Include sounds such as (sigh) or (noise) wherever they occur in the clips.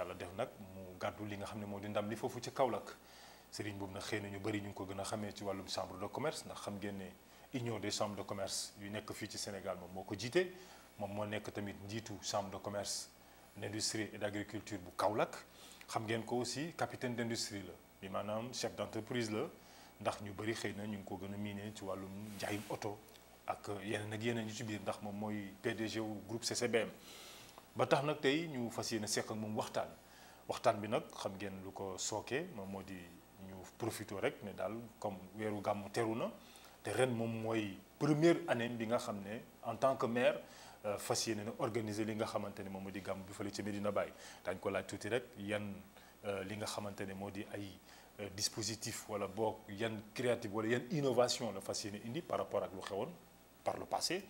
yàlla def nak mu gàddu li nga xam ne di ndam li fofu ci Kaolack Serigne boobu nag xëy ñu bari ñu ko gëna xamé ci walum chambre de commerce ndax xam ngeen ne union des chambres de commerce yu nekk fi ci Sénégal moom moo ko jiite moom nekk tamit njiitu chambre de commerce d'industrie et d'agriculture bu Kaolack xam ngeen ko aussi capitaine d'industrie la bi manam chef d'entreprise la ndax ñu bari xeyna ñu ko gëna miné ci walum njaayum auto ak yeneen ak yeneen ñu ci biir ndax mom moy PDG wu groupe CCBM ba tax nak tay ñu fassiyene yéene ak moom waxtaan waxtaan bi nak xam ngeen lu ko sooke moom modi ñu profité rek né dal comme wéru gàmmu teru na te ren moom moy première année bi nga xamné en tant que maire euh, fassiyene yéene na organiser li nga xamante ne modi gam bi fële ci Medina Bay dañ ko laaj tuuti rek yan euh, li nga xamante ne moo ay euh, dispositif wala bok yan créative wala yan innovation la fassiyene indi par rapport ak lu xewon par le passé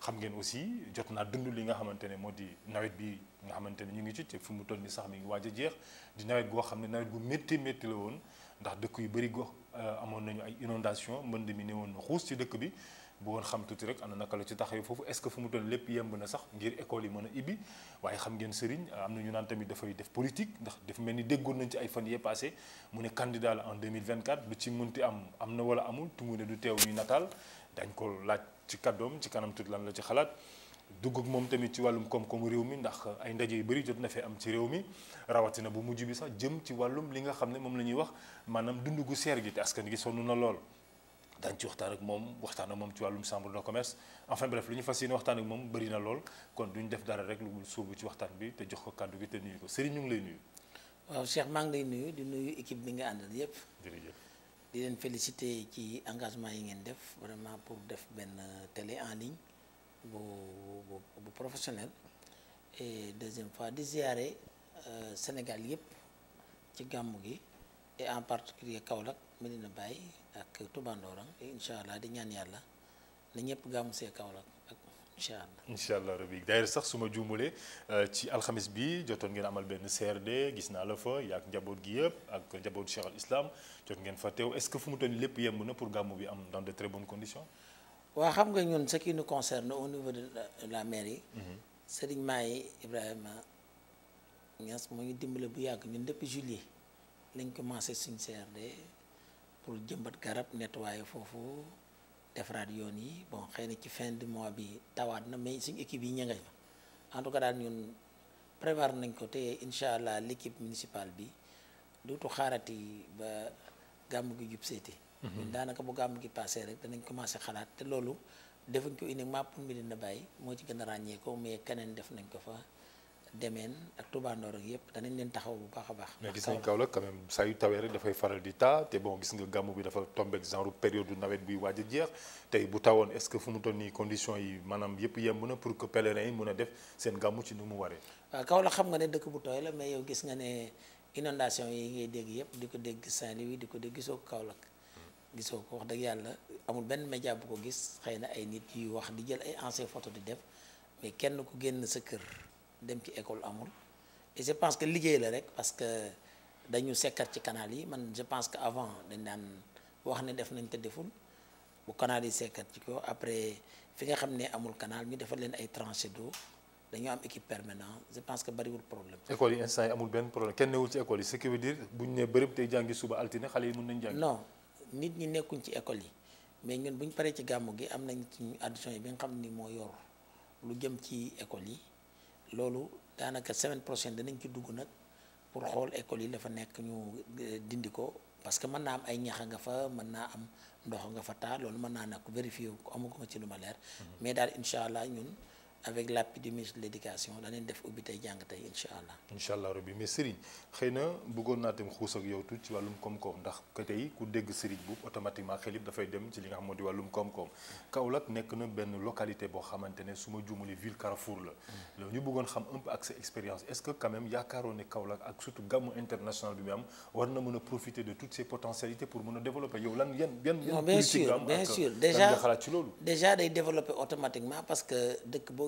xamgen aussi jotna dund li nga xamantene modi nawet bi nga xamantene ne ñu ngi ci te fu mu toll ni sax mi ngi waaj jeex di nawet go xam nawet gu metti metti la woon ndax dekk yu bari go euh, amon nañu ay inondation mbënd mi ne xoos ci dekk bi bu won xam tuti rek ana naka la ci taxay fofu est-ce que fu mu toll lepp yemb na sax ngir école yi mëna ibi waye xamgen xam ngeen sëriñ euh, am ñu naan tamit fay def politique ndax def melni ni nañ ci ay fan yee passé mu ne candidat en 2024 lu ci munti am am wala amul tungu ne du tew ñuy natal, dañ ko laaj ci kàddoom ci kanam tuuti lan la ci xalaat dugg moom tamit ci wàllum koom-koomu réew mi ndax ay ndaje yu bëri jot na fee am ci réew mi rawatina bu mujj bi sax jëm ci wàllum li nga xam ne moom la ñuy wax maanaam dund gu seer gi te askan gi sonn na lool. dañ ci waxtaan ak moom waxtaan ak moom ci wàllum chambre de commerce enfin bref lu ñu fas yéene waxtaan ak moom bari na lool kon duñ def dara rek lu mu suubu ci waxtaan bi te jox ko kàddu gi te nuyu ko Serigne ñu ngi lay nuyu. waaw Cheikh maa lay nuyu di nuyu équipe nga àndal yëpp. jërëjëf. di len féliciter ci engagement yi ngeen def vraiment pour def ben télé en ligne bu bu professionnels. professionnel et deuxième fois di ziare euh, Sénégal yépp ci gàmmu gi et en particulier Kaolack Medina Baye ak Touba Ndorong et inshallah di ñaan yalla na ñëpp gàmmu sé Kaolack incha allah rabi d'ailleurs sax su ma juumalee euh, ci alxamis bi jotoon ngeen amal benn CRD gis naa la fa yaa ak njaboot gi yëpp ak njaboot Cheikh al Islam jot ngeen fa teew est-ce que fu mu toll lépp pour Gamou bi am dans de très bonnes conditions. waaw xam nga ñun ce qui nous concerne au niveau de la mairie. Mhm. Serigne Maye Ibrahima Niass moo ñu dimbale bu yàgg ñun depuis juillet lañ commencé suñ CRD pour Djembat garab nettoyer foofu. defaraat yoon yi bon xëy na ci fin du mois bi tawaat na mais suñu équipe yi ñëngañ en tout cas daal ñun prévoir nañ ko te incha allah l' équipe municipale bi dootu xaarati ba gàmm gi jub seeti mhm. ñun daanaka bu gàmm gi passé rek danañ commencé xalaat te loolu defuñ ko uniquement pour Médina Baye moo ci gën a ràññee ko mais keneen def nañ ko fa demen ak Touba Ndor ak yep danañ leen taxaw bu baax a baax. mais gis nañ Kaolack quand même saa yu tawee rek fay faral di ta té bon gis nga gamu bi dafa tomber genre période nawet bi waaj a jeex tey bu tawone est ce que fumu toni condition yi manam yep yemb na pour que pèlerin yi mën def sen gamu ci numu waré waree. waaw xam nga né dëkk bu toy la mais yow gis nga né inondation yi ngay dégg yep diko dégg Saint-Louis diko dégg gisoo ko Kaolack. gisoo ko wax dëgg yalla amul ben média bu ko gis xeyna ay nit yi wax di jël ay ancien photo di def mais kenn ku génn sa kër dem ci école amul et je pense que liguey la rek parce que dañu sekkat ci canal yi man je pense que avant dañ daan wax ne def nañ te deful bu canal yi sekkat ci ko après fi nga xamné ne amul canal ñu defal leen ay tranchées d'eau dañu am équipe permanent je pense que bariwul problème. école yi instant yi amul benn problème kenn newul ci école yi ce qui veut dire buñ ne bërëb tay jangi suba altine xalé yi mën nañ jàng. non nit ñi nekkuñ ci école yi mais ñun bu paré ci gamu gi am nañ ci addition yi bi nga xam mo moo yor lu jëm ci école yi. loolu daanaka semaine prochaine danañ ci dugg nag pour xool école yi dafa nekk ñu euh, dindi ko parce que mën naa am ay ñax nga fa mën naa am ndox nga fa taal loolu mën naa nag vérifier ko amu ko ci lu ma leer mm-hmm. mais daal incha allah ñun avec l'appui du ministre de l'éducation danañ def ubbi tey jàng tey incha allah. rabbi mais Serigne xëy na bëggoon naa tam xuus ak yow tuuti ci wàllum koom-koom ndax que tey ku dégg Serigne automatiquement xel it dafay dem ci li nga xam moo di wàllum koom-koom. Kaolack na localité boo xamante ne su ma ville Carrefour la. Mm. loolu ñu bëggoon xam un peu accès expérience est-ce que quand même yaakaaroon ne Kaolack ak surtout gàmmu international bi mu am war na profiter de toutes ces potentialités pour mën développer yow lan yan yan. politique bien sûr bien sûr déjà déjà day développer automatiquement parce que de boo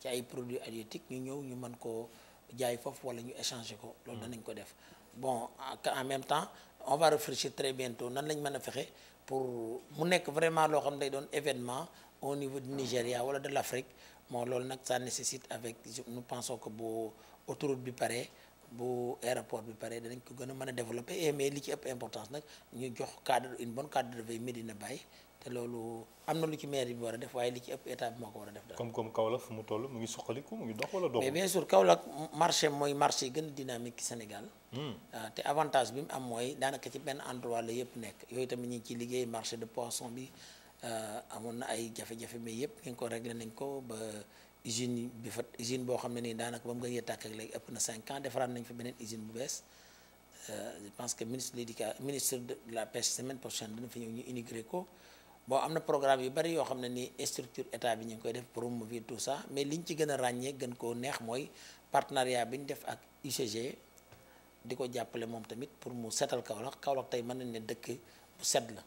ci ay produits halieutiques ñu ñëw ñu mën koo jaay foofu wala ñu échanger ko. loolu hmm. danañ ko def bon en même temps on va réfléchir très bientôt nan lañ mën a fexe pour mu nekk vraiment loo xam ne day doon événement au niveau du Nigeria hmm. wala de l' Afrique bon loolu nag ça nécessite avec nous pensons que bu autoroute bi pare bu aéroport bi pare danañ ko gën a mën a développer mais li ci ëpp importance nag ñu jox cadre une bonne cadre de vie Médina Baye te loolu am lu ci maire bi wara def waaye li ci ëpp état bi mako wara def daal. comme comme Kaolack fu mu toll mu ngi suqaliku mu ngi dox wala dox. mais bien sûr Kaolack marché moy marché gën dynamique ci Sénégal. Hmm. Ah, té avantage bi mu am moy danaka ci ben endroit la yépp nek yoy tamit ñi ci liggéey marché de poisson bi ah, amoon na ay jafé jafé mais yépp ngeen ko réglé nañ ko ba usine bi fa usine bo xamné ni danaka bam ba mu gënee ak léegi ëpp na 5 ans defaraat nañ fa benen usine bu euh je pense que ministre de l'éducation ministre de la pêche semaine prochaine dana fa ñu inauguré ko. bon am na programme yu bari yoo xam ne nii structure état bi ñu ngi koy def promouvoir tout ça mais liñ ci gën a ràññee gën koo neex mooy partenariat bi ñu def ak UCG di ko jàppale moom tamit pour mu setal Kaolack Kaolack tey mën nañ ne dëkk bu set la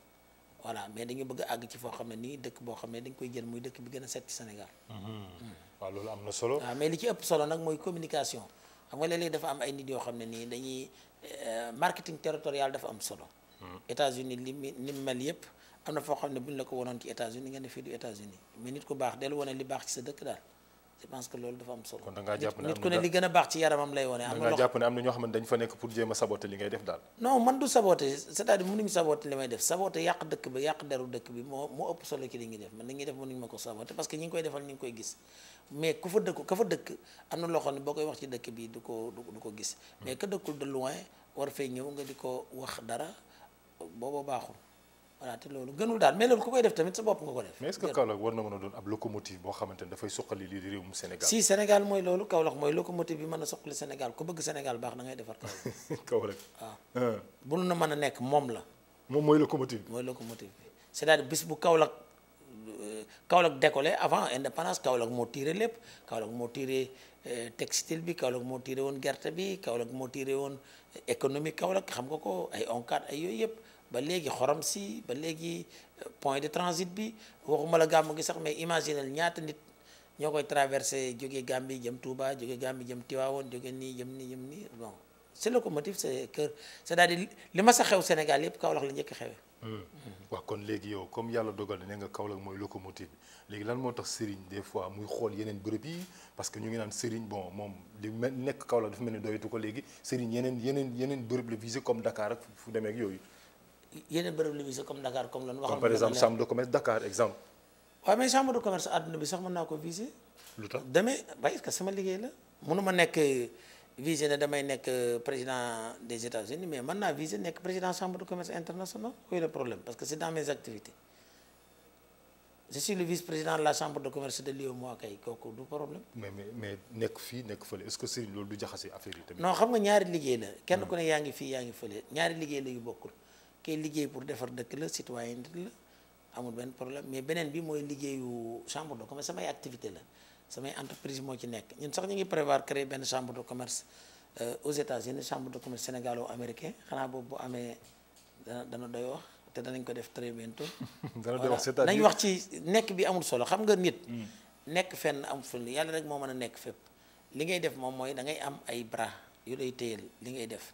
voilà mais dañu bëgg àgg ci foo xam ne nii dëkk boo xam ne dañ koy jël muy dëkk bi gën a set ci Sénégal. Mm-hmm. waaw loolu am na solo. waaw ah, mais li ci ëpp solo nag mooy communication xam nga léeg-léeg dafa am ay nit yoo xam ne nii dañuy euh, marketing territorial dafa am solo. Mm. li ni mel yëpp. am na foo xam ne buñ la ko wanoon ci États-Unis nga ne fii du États-Unis mais nit ku baax del wane li baax ci sa dëkk daal nit ku ne li gën a baax ci yaramam lay wane. am na ñoo xam ne dañ fa nekk pour jéem a saboter li ngay def daal. non man du saboter c'est-à-dire mënuñu saboter li may def saboter yàq dëkk bi yàq deru dëkk bi moo ëpp solo ci li def man li def mënuñu ma ko saboter parce que ñi ngi koy defal ñi koy gis mais ku fa dëkk ka fa dëkk am boo koy wax voilà te loolu gënul daal mais loolu ku koy def tamit sa bopp nga ko def. mais est-ce que Kaolack war na mën a doon ab locomotive boo xamante ne dafay suqali lii di réewum Sénégal. si Sénégal mooy loolu Kaolack mooy locomotive bi mën a suqali Sénégal ku bëgg Sénégal baax na ngay defar Kaolack. (laughs) Kaolack waaw. Ah. bu nu na mën a nekk moom la. moom mooy locomotive bi. mooy locomotive bi c'est-à-dire bis bu Kaolack euh, Kaolack décollé avant indépendance Kaolack moo tiré lépp Kaolack moo tiré euh, textile bi Kaolack moo tiré woon gerte bi Kaolack moo tiré woon euh, économie Kaolack xam nga ko ay ONCAD ay yooyu yëpp ba léegi xorom si ba léegi euh, point de transit bi waxuma la gàmmu ngi sax mais imaginel ñaata nit ñoo koy traversé jóge Gambie jëm Touba jóge Gambie jëm Tivaouane jóge nii jëm nii jëm nii bon c'est locomotive c'est kër c'est-à-dire li ma sa xew Sénégal yëpp Kaolack la njëkk xewee hmm. waa kon léegi yow comme yàlla dogal na ne nga Kaolack mooy locomotive bi léegi lan moo tax Serigne des fois muy xool yeneen bërëb yi parce que ñu ngi naan Serigne bon moom li nekk Kaolack dafa mel ni doyatu ko léegi Serigne yeneen yeneen yeneen bërëb la comme Dakar ak fu yooyu y bërëb la visé comme Dakar comme lan. waxoon par exemple chambre de commerce Dakar exemple. Oui mais chambre de commerce àdduna bi sax mën naa ko visé. lu tax demee bah, parce que sama liggéey la mënuma nekk visé ne damay nekk euh, président des États-Unis mais mën naa visé nekk président chambre de commerce internationale oui le problème parce que c'est dans mes activités je suis le vice-président de la chambre de commerce de Lyon moi kay kooku du problème. mais mais mais nekk fii nekk fële est-ce que Serigne loolu du jaxase affaire yi tamit. non xam nga ñaari liggéey la. kenn hmm. ku ne yaa ngi fii yaa ngi fële ñaari liggéey la yu bokkul. kay liggéey pour defar dëkk la citoyen la amul benn problème mais beneen bi mooy liggéeyu chambre de commerce samay activité la samay entreprise moo ci nekk ñun sax ñu ngi prévoir créer benn chambre de commerce euh, aux États-Unis chambre de commerce sénégalo-américain xanaa boobu bu amee dana dana doy wax te danañ ko def très bientôt. (laughs) dana wax nañ wax ci nekk bi amul solo xam nga nit. Hmm. nekk fenn am ful yàlla rek moo mën a nekk fépp. li ngay def moom mooy da ngay am ay bras yu lay téyel li ngay def.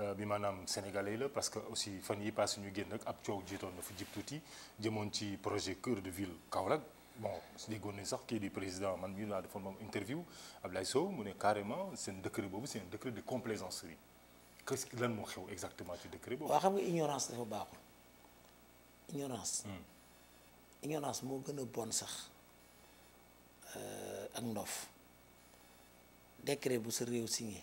Euh, bi maanaam sénégalais là parce que aussi fan yi passé ñu génn ak ab coow jiitoon na fa jib tuuti ci projet cœur de ville Kaolack bon déggoon nañ sax est du président man mii naa defoon moom interview Ablaye Sow mu ne carrément un décret boobu c'est un décret de complaisance. qu'est-ce que lan moo xew exactement ce décret boobu. waaw xam nga ignorance dafa baaxul ignorance. Hmm. ignorance mo gëna bonne sax euh ak ndof décret bu se réew signé.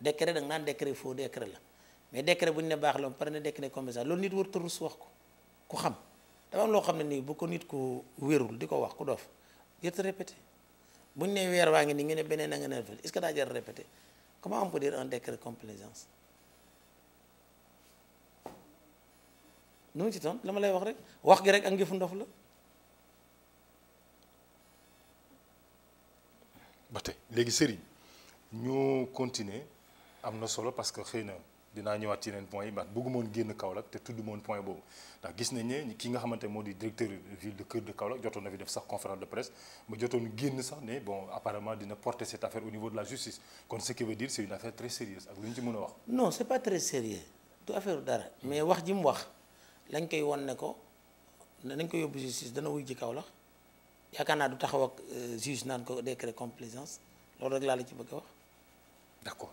décret da nga naan décret faux décret la mais décret bu ñu ne baax la pare na décret comme ça loolu nit war tërus wax ko ku xam dafa am loo xam ne nii bu ko nit ku wérul di ko wax ku doof yëpp répété bu ñu nee weer waa ngi nii nga beneen a nga ne est-ce que daa jar répété comment on peut dire un décret complaisance nu mu ci toon la ma lay wax rek wax gi rek ak ngeefu ndof la. ba tey léegi Serigne ñu continuer am solo parce que xëy na dinaa ñëwaat point yi bëgguma woon point boobu ndax gis nañ ne ki nga xamante moo directeur ville de Kër de Kaolack jotoon na fi def sax conférence de presse ba jotoon génn sax ne bon apparemment dina porter cette affaire au niveau de la justice kon ce qui veut dire c'est une affaire très sérieuse ak lu non c'est pas très sérieux du affaire dara mais wax ji mu wax lañ koy wan ne ko nañ ko justice dana wuy ji Kaolack yaakaar du taxaw ak euh, juge naan ko décret complaisance loolu rek la ci bëgg d'accord.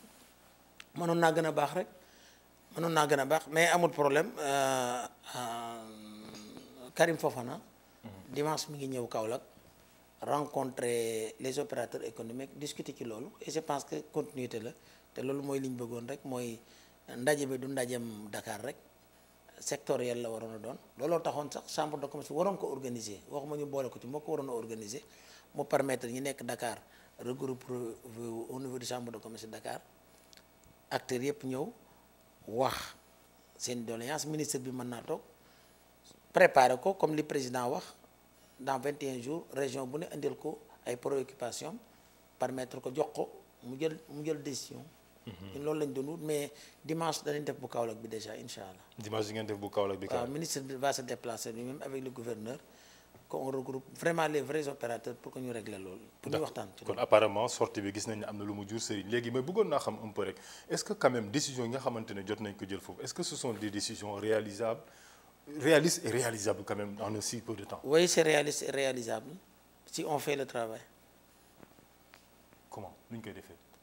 Manon naa gën a baax rek mënoon a mais problème euh, euh, Karim Fofana. Mhm. dimanche mi ngi ñëw rencontrer les opérateurs économiques discuter ci loolu et je pense que continuité la te loolu mooy que je bëggoon rek mooy ndaje bi du ndajem Dakar rek sectoriel la waroon a doon looloo taxoon sax chambre de commerce waroon ko organiser waxuma ñu boole ko ci organiser permettre ñi nekk Dakar regroupe au niveau de chambre de commerce Dakar acteurs yëpp ñëw wax seen doléance ministre bi mën naa toog préparer ko comme li président wax dans 21 jours région bu ne indil ko ay préoccupations permettre ko jox ko mu jël mu jël décision. ñun mhm. loolu lañ doon wut mais dimanche danañ def bu Kaolack bi déjà incha allah. dimanche di ngeen def bu Kaolack bi. waaw ministre bi va se déplacer lui-même avec le gouverneur qu'on regroupe vraiment les vrais opérateurs pour que nous réglons l'eau. pour nous waxtaan Donc apparemment sortie bi gis nañ ne am na lu mu jur mais je xam un peu est-ce que quand même les décisions nga xamante ne jot est-ce que ce sont des décisions réalisables réalistes et réalisables quand même en aussi peu de temps. oui c'est réaliste et réalisable si on fait le travail. comment nu koy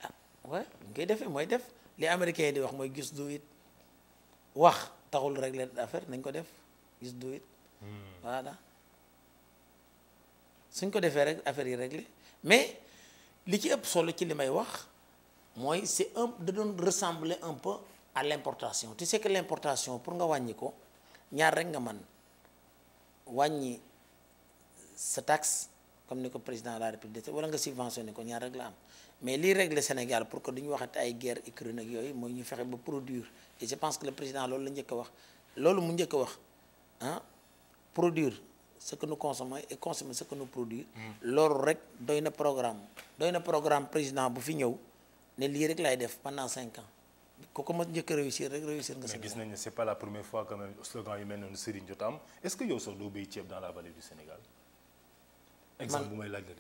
ah oui nu koy def Les américains yi di wax mooy gis du it wax taxul régler l'affaire? nañ ko def gis du hmm. voilà suñ ko defee rek affaire yi réglé mais li ci ëpp solo ci li may wax mooy c'est un da doon ressembler un peu à l'importation tu sais que l'importation pour nga wàññi ko ñaar rek nga man wàññi sa taxe comme ni ko président de la république wala nga subventionné ko ñaar rek la am mais lii régler Sénégal pour que duñu waxati ay guerre économique ak yooyu mooy ñu fexe ba produire et je pense que le président loolu la njëkk a wax loolu mu njëkk a wax ah produire ce que nous consommons et consommer ce que nous produisons. leur rek doy un programme doy un programme président bu fi ñew ne li rek lay pendant 5 ans comment ko que ñëk réussir rek réussir mais gis nañ c'est pas la première fois quand même slogan humain mel noonu Serigne est-ce que yow a do bay dans la vallée du Sénégal. exemple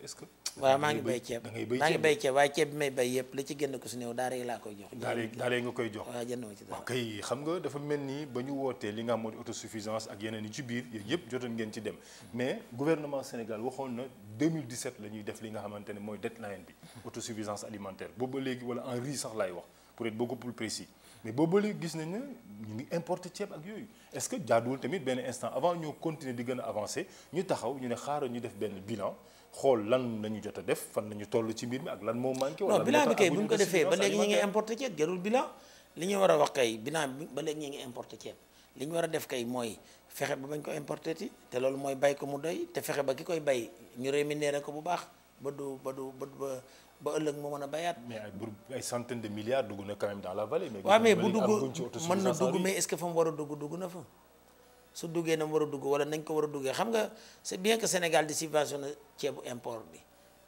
est-ce que waa maa ngi bay ceeb maa ngi bay ceeb waaye ceeb bi may bay yëpp li ci génn ko si néew daara yi laa koy jox daara yi nga koy jox waaw jënd ci dara kay xam nga dafa mel ni ba ñu wootee li nga xam autosuffisance ak yeneen yi ci biir yooyu yëpp jotoon ngeen ci dem mais gouvernement Sénégal waxoon na 2017 la ñuy def li nga xamante ne mooy deadline bi autosuffisance alimentaire booba léegi wala en riz sax laay wax pour être beaucoup plus précis mais booba léegi gis nañ ne ñu ngi importer ceeb ak yooyu est-ce que jaaduwul tamit benn instant avant ñoo continuer di gën a avancer ñu taxaw ñu ne xaaral ñu def benn bilan xool lan la ñu jot a def fan la ñu toll ci mbir mi ak lan moo manqué. wala non bilan bi kay bu ñu ko defee ba léegi ñu ngi importé ceeb jarul bilan li ñu war a wax kay bilan bi ba léegi ñu ngi importé ceeb li ñu war a def kay mooy fexe ba bañ ko importé te loolu mooy bay ko mu doy te fexe ba ki koy bay ñu rémunéré ko bu baax ba du ba du ba ba ëllëg mu mën a bayaat. mais ay ay centaines de milliards dugg na quand même dans la mais bu dugg mën na dugg mais est-ce que fa mu war a dugg dugg na fa. su le na wara wala nañ ko xam c'est bien que Sénégal di import bi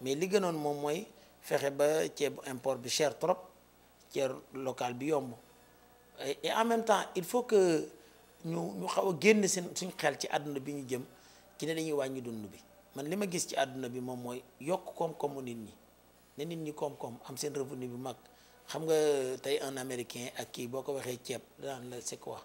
mais li ba import bi cher trop local bi yomb et en même temps il faut que nous ñu xaw génn suñ xel ci que bi ñu jëm nous ne dañuy dund bi man lima gis ci comme bi mom moy yok kom kom nit ñi ne nit ñi comme am revenu xam nga un américain ak nous boko waxé waxee la quoi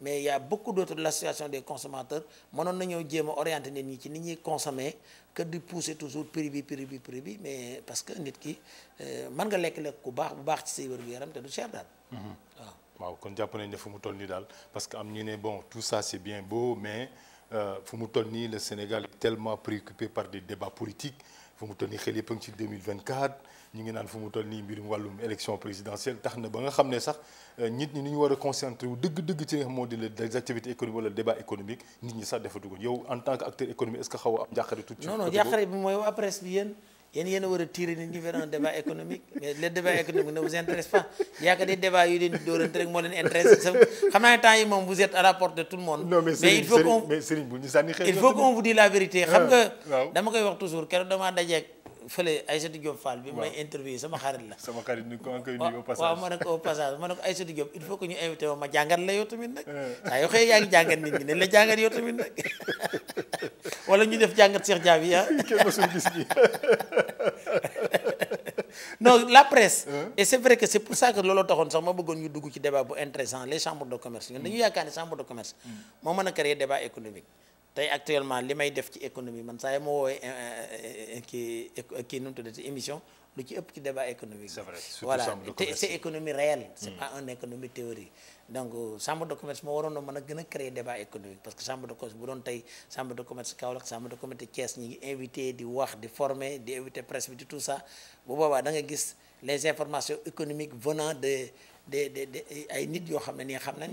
mais il y a beaucoup d'autres de des consommateurs mënoon nañoo jéem a orienté nit ci nit consommer que de pousser toujours prix bi prix prix mais parce que nit ki euh, mën nga lekk lekk ku baax bu baax ci say wér yaram te du cher daal mhm. waaw waaw kon jàpp nañ ne parce que am ñu bon tout ça c'est bien beau mais euh, le Sénégal est tellement préoccupé par des débats politiques fu mu toll nii xel 2024 ñu ngi naan fu mu toll nii mbirum wàllum élection présidentielle tax na ba nga xam ne sax euh, nit ñi ni ñu war a concentré wu dëgg-dëgg ci nga les moo activités économiques le débat économique nit ñi sax defatu ko yow en tant que acteur économique est-ce que xaw a am jàqare tuuti non non jàqare bi mooy waa presse bi yéen yéen yéen a war ñi vers débat économique mais le débat économique ne vous intéresse pas yaakaar des débat yu leen dóorante rek moo leen intéressé xam naa ne yi moom vous êtes à la porte de tout le monde. non mais Serigne mais il faut qu'on il faut qu'on vous dise la vérité. xam ah, nga dama koy wax toujours keroog damaa dajeeg. fële Aïssatou Diop Fall bi may interview sama xarit la (laughs) sama xarit ni ko koy nuyu au passage waaw ma ne ko ma ne ko Aïssatou Diop il la yow tamit nag saa yoo xëyee yaa ngi jàngat nit ñi ne la jàngar yow tamit nag (laughs) wala ñu def jàngat Cheikh jaab bi ah (laughs) kenn mosul gis bi non la presse eh? et c'est vrai que c'est pour ça que looloo taxoon sax ma bëggoon ñu dugg ci débat bu intéressant les chambres de commerce ñun dañu yaakaar chambre de commerce hmm. moo mën a créer débat économique tay actuellement limay def ci économie man saa mo woy ki ki kii nu émission lu ci ëpp ci débat économique. c'est vrai voilà c'est économie réelle. Mm. c'est pas une économie théorie. donc chambre de commerce mo warono man mën a créer débat économique parce que chambre de commerce bu doon tey chambre de commerce Kaolack chambre de commerce ties ñi ngi invité di wax di former di invité presse bi di tout ça bu boobaa da nga gis les informations économiques venant de de de ay nit yoo xam ne ni xam nañ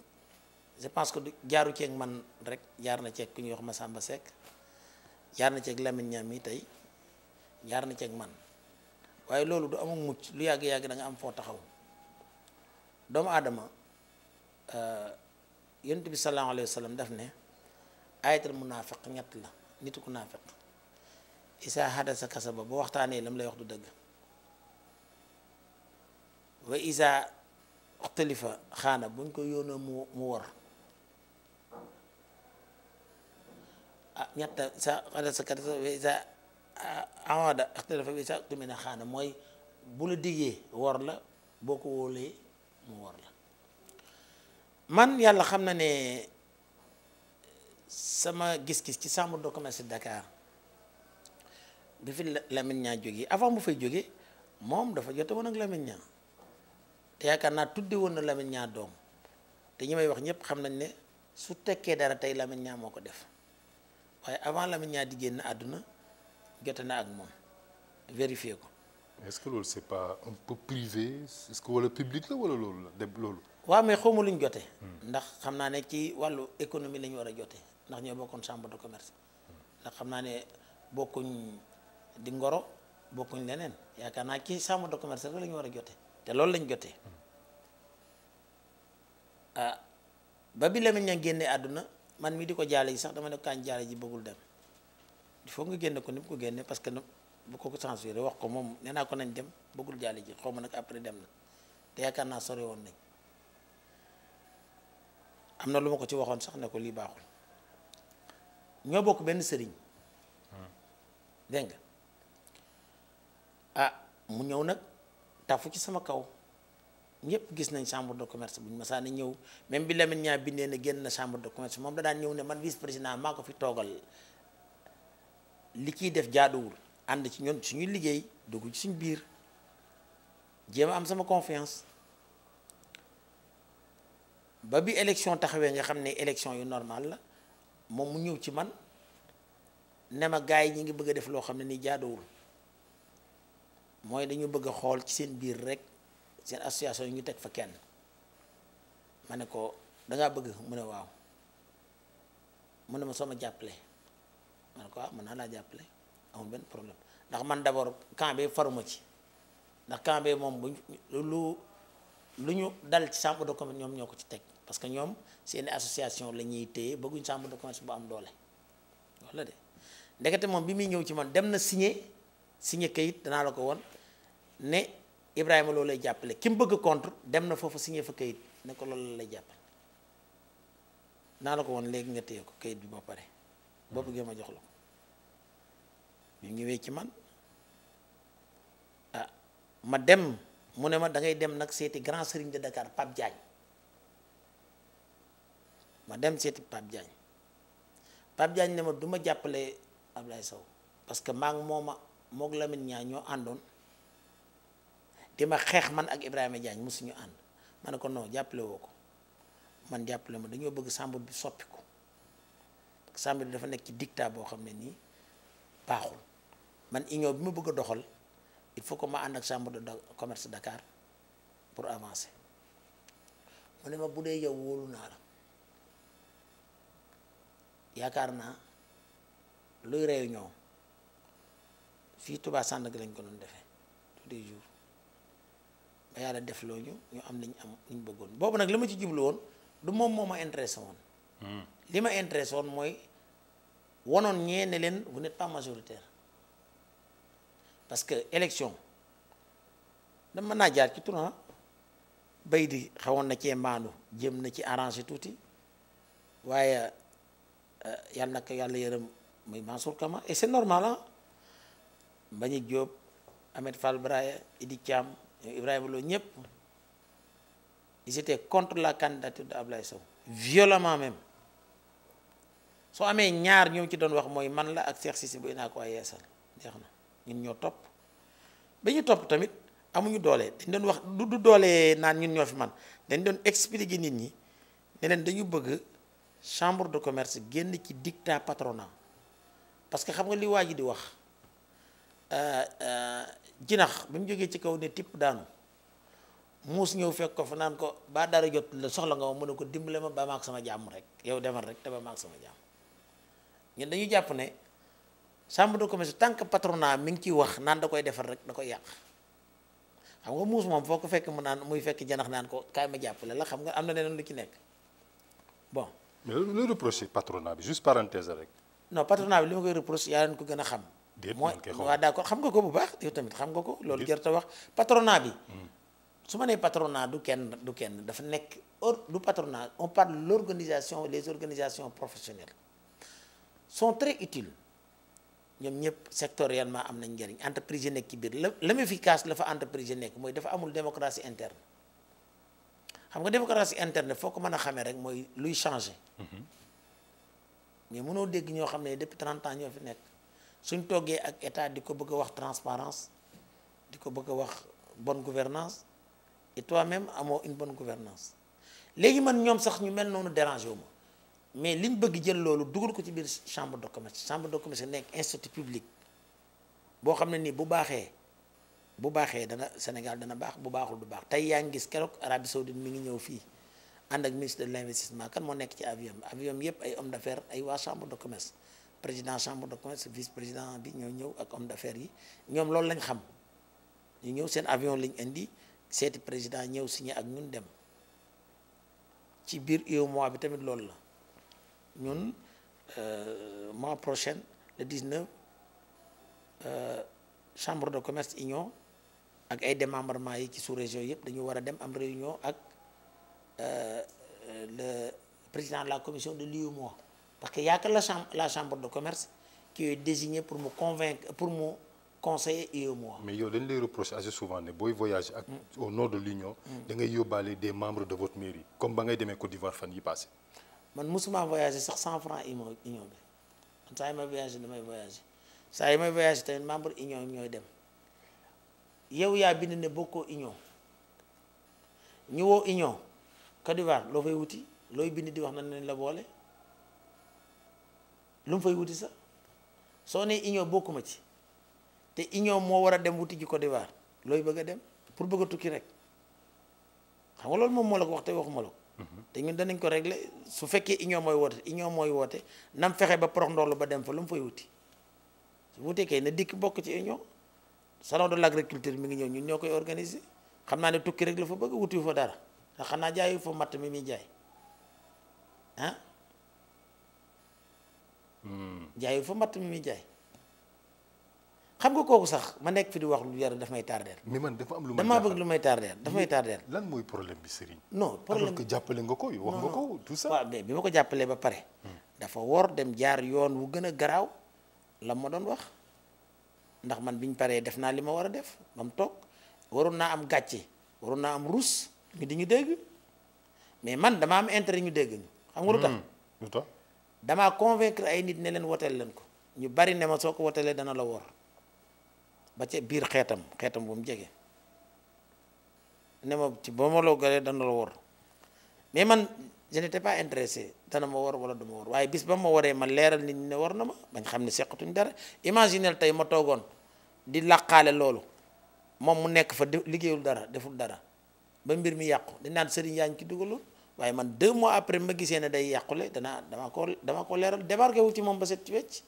je pense que jaaru ak man rek jaar na ci ak ñu wax Massamba sek jaar na ak Lamine ñami tay jaar na ak man waye lolu du amu mucc lu yag yag da nga am fo taxaw adama euh yunus bi sallallahu alayhi wasallam daf ne ayatul munafiq ñet la nitu ku nafiq isa hadasa kasaba bu waxtane lam lay wax du deug wa isa ixtalifa khana buñ ko yono mu mu war ah ñetta sa xadasa kadasa wa sa ah, awada ixtilafa bi sa tumina xaana mooy bu la diggee wor la boo ko wóolee mu wor la man yàlla xam na ne sama gis-gis ci chambre de commerce Dakar bi fi Lamine Niang jógee avant mu fay jóge moom dafa jote woon ak Lamine Niang te yaakaar naa tudde woon na Lamine Niang doom te ñi may wax ñëpp xam nañ ne su tekkee dara tey Lamine Niang moo ko def waaye avant la Niang di génn àdduna jote na ak moom vérifier ko. est-ce que loolu c'est pas un peu privé est-ce que wala public la wala loolu la dem loolu. waaw mais xawma luñ jote hmm. ndax xam naa ne ci wàllu économie la ñu war a jote ndax ñoo bokkoon chambre de commerce hmm. ndax xam naa ne bokkuñ di ngoro bokkuñ leneen yaakaar naa ci chambre de commerce rek la ñu war a jote te loolu lañ jotee hmm. ah ba bi la Niang génnee àdduna. man mii di ko jaale ji sax dama ne kañ jaale ji bëggul dem il faut nga génne ko ni mu ko génne parce que bu ko censuré wax ko moom nee naa ko nañ dem bëggul jaale ji xaw ma nag après dem na te yaakaar naa sori woon nañ am na lu ma ko ci waxoon sax ne ko lii baaxul ñoo bokk benn sëriñ hmm. dégg nga ah mu ñëw nag tafu ci sama kaw ñëpp gis nañ chambre de commerce bu ñu ma masaana ñëw même bi Lamine ñaa bindee ne génn na chambre de commerce moom da daan ñëw ne man vice président maa ko fi toogal li kiy def jaadowul ànd ci ñun suñuy liggéey dugg ci suñ biir jéem a am sama confiance ba bi élection taxawee nga xam ne élection yu normal la moom mu ñëw ci man ne ma gars yi ñi ngi bëgg a def loo xam ne nii jaadowul mooy dañu bëgg a xool ci seen biir rek seen association yi ñu teg fa kenn ma ne ko dangaa bëgg mu ne waaw mu ne ma soo ma jàppale ma ne ko ah mën naa laa jàppale amul benn problème ndax man d'abord camp bi faruma ci ndax camp moom bu lu lu ñu dal ci chambre de ñoom ñoo ko ci teg parce que ñoom seen association la ñuy téye bëgguñ chambre de commerce bu am doole walla de ndekete moom bi muy ñëw ci man dem na signé signé kayit danaa la ko woon ne Ibrahima loolu lay jàppale ki bëgg contre dem na foofu si signé fa kayit ne ko loolu lay jàppale naa la ko woon léegi nga téye ko kayit bi ba pare boo bëggee ma jox la ko bi mu ñëwee ci man ah ma dem mu ne ma dangay dem nag seeti grand serigne de Dakar Pape Diagne ma dem seeti Pape Diagne Pape Diagne ne ma duma ma jàppale Ablaye Sow parce que maa ngi mooma moog Lamine ñaa ñoo àndoon di ma xeex man ak Ibrahima Diagne musuñu ànd ma ne ko non jappelé woko man jappelé ma dañu bëgg sambul bi soppi ko sambul dafa nek ci dicta bo xamné ni baxul man iño bi ma bëgg doxal il faut ko ma and ak sambul de commerce Dakar pour avancer mané ma budé yow wolu na la yakarna naa luy réunion fii Touba Sandaga lañ ko doon défé tous les jours ba yàlla def loo ñu ñu am li ñu am li bëggoon boobu nag li ma ci jublu woon du moom moo ma intéressé woon. Hmm. li ma intéressé woon mooy wanoon ñee leen vous ne pas majoritaire parce que élection da mën naa jaar ci tournant bay di xawoon na cee maandu jéem na ci arrangé tuuti waaye euh, yàlla nag yàlla yërëm muy Mansour Kama et c'est normal ah Mbagnick Diop Ahmed Fall Ibrahima Lo ñëpp ils étaient contre la candidature de Sow violemment même So amé ñaar ñoo ci doon wax moy man la ak Cheikh Cissé bu ina ko ay yeesal jeex na ñun ñoo top ba ñu topp tamit amuñu doolé dañ doon wax du du doole naan ñun ñoo fi man dañ doon expliquer nit ñi ne leen dañu bëgg chambre de commerce génn ci dictat patronat parce que xam nga li waji di wax Eh, eh, jinax bimu joge ci kaw ne tip daanu mus ñew fekk ko fa naan ko ba dara jot la soxla nga mu ne ko dimbale ma ba maag sama jàmm rek yow demal rek te ba maag sama jàmm ñun dañu japp ne chambre do commerce tant que patronat mi ngi ci wax naan da koy defal rek da koy yaq xam nga mus mom foko fekk mu naan muy fekk jinax naan ko kay ma jàppale la xam nga amna neen lu ci nekk bon. mais le reproche patronat bi juste parenthèse rek. non patronat bi li ma koy reproche yaa leen ko gën xam. mooy waaw d'accord xam nga ko bu baax yow tamit xam nga ko loolu jër ta wax patronat bi hmm. su ma nee patronat du kenn du kenn dafa nekk or du patronat on parle l'organisation les organisations professionnelles sont très utiles ñoom ñëpp sectoriellement am nañ entreprise yi nekk ci biir la la efficace la fa entreprise yi nekk mooy dafa amul démocratie interne xam nga démocratie interne foo ko mën a xamee rek mooy luy changer hmm. mais mënoo dégg ñoo xam depuis 30 ans ñoo fi nekk suñ toggee ak état di ko bëgg a wax transparence di ko bëgg a wax bonne gouvernance et toi-même amoo une bonne gouvernance léegi man ñoom sax ñu mel noonu dérangé wu ma mais liñ bëgg jël loolu dugal ko ci biir chambre de commerce chambre de commerce nekk institut public boo xam ne nii bu baaxee bu baaxee dana Sénégal dana baax bu baaxul du baax tey yaa ngi gis keroog Arabie Saoudite mi ngi ñëw fii ànd ak ministre de l' investissement kan moo nekk ci avion avion yëpp ay hommes d'affaires ay waa chambre de commerce président de la chambre de commerce vice président bi ñoo ñëw ak homme d'affaires yi ñom loolu lañ xam ñu ñëw seen avion liñ indi seeti président ñëw signé ak ñun dem ci biir e mois bi tamit loolu la ñun euh, mois prochain le 19 euh, chambre de commerce union ak ay qui yi ci sous-région yépp dañu wara réunion ak euh, le président de la commission de e mois parce qu'il n'y a que la chambre, de commerce qui est désignée pour me convaincre, pour me conseiller et moi. Mais vous reproches assez souvent, si vous au nord de l'Union, vous mm. avez des membres de votre mairie, comme vous avez Côte d'Ivoire je voyagé 100 francs voyagé, voyagé. voyagé, un membre Nous avons Union. Côte d'Ivoire, outil, la lu mu fay wuti sax soo nee union bokkuma ci te union moo war a dem wuti ji Côte d'Ivoire looy bëgg a dem pour bëgg a tukki rek xam nga loolu moom moo la wax te waxuma la ko mhm. te ñun danañ ko régler su fekkee union mooy woote union mooy woote nam fexe ba porox ndoorlu ba dem fa lu mu fay wuti su wutee kay na dikk bokk ci union salon de l'agriculture mi ngi ñëw ñu ñoo koy organiser xam naa ne tukki rek la fa bëgg wuti fa dara ndax xanaa jaayu fa matt mi muy jaay ah. jaayul fa mat mi muy jaay xam nga koku sax ma nek fi di wax lu yar daf may tarder mi man dafa am lu may bëgg lu may tarder daf may tarder lan moy problème bi serigne non problème que jàppale nga ko wax nga ko tout ça wa mais bi ma ko jàppalee ba paré dafa wor dem jaar yoon wu gëna graw la ma doon wax ndax man biñ paré def na lima wara def bam tok toog na am gatché waroon na am rus mi di ñu dégg mais man dama am intérêt ñu dégg ñu xam nga lu tax hmm, damaa convaincre ay nit ne leen woteel leen ko ñu bari ne ma soo ko woteelee dana la wor ba ca biir xeetam xeetam bu mu jege ne ma ci ba ma la galee la wor mais man je n'étais pas intéressé dana ma wor wala du ma waaye bis ba ma waree ma leeral nit ñi ne wor na ma bañ xam ne seqatuñ dara imaginel tey ma toogoon di làqaale loolu moom mu nekk fa liggéeyul dara deful dara ba mbir mi yàqu dañ naan sëriñ yaa ñu ci dugaloon waaye man deux mois après ma gisee ne day yàqule dana dama ko dama ko leeral débarqué wul ci moom ba set ci wecc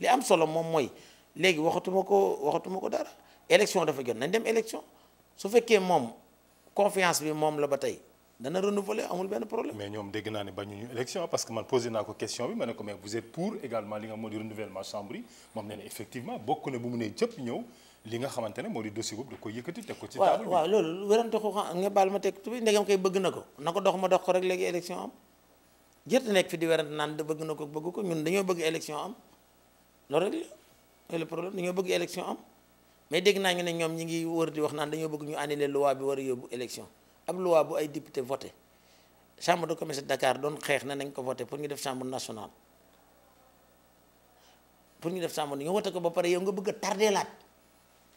li am solo moom mooy léegi waxatuma ko waxatuma ko dara élection dafa jot nañ dem élection su fekkee moom confiance bi moom la ba tey dana renouveler amul benn problème. mais ñoom dégg naa ne élection parce que man posé naa ko question bi ma ne ko mais vous êtes pour également li nga moo di renouvellement chambre yi moom effectivement bokk na bu mu nee jëpp ñëw. li nga xamante ne di dossier boobu da koy yëkkati teg ko ci table bi waaw loolu werante ko nga baal ma teg tubi ndegam koy bëgg na ko dox ma dox ko rek élection am jërte nek fi di werante naan da bëgg na bëgg ko ñun dañoo bëgg élection am loolu rek la le problème dañoo bëgg élection am mais dégg naa ñu ne ñoom ñi ngi wër di wax naan dañoo bëgg ñu annulé loi bi war a élection ab loi bu ay député chambre de commerce de Dakar don xeex ne nañ ko voté pour ñu def chambre nationale pour ñu def chambre ñu wote ko ba pare yow nga bëgg a lat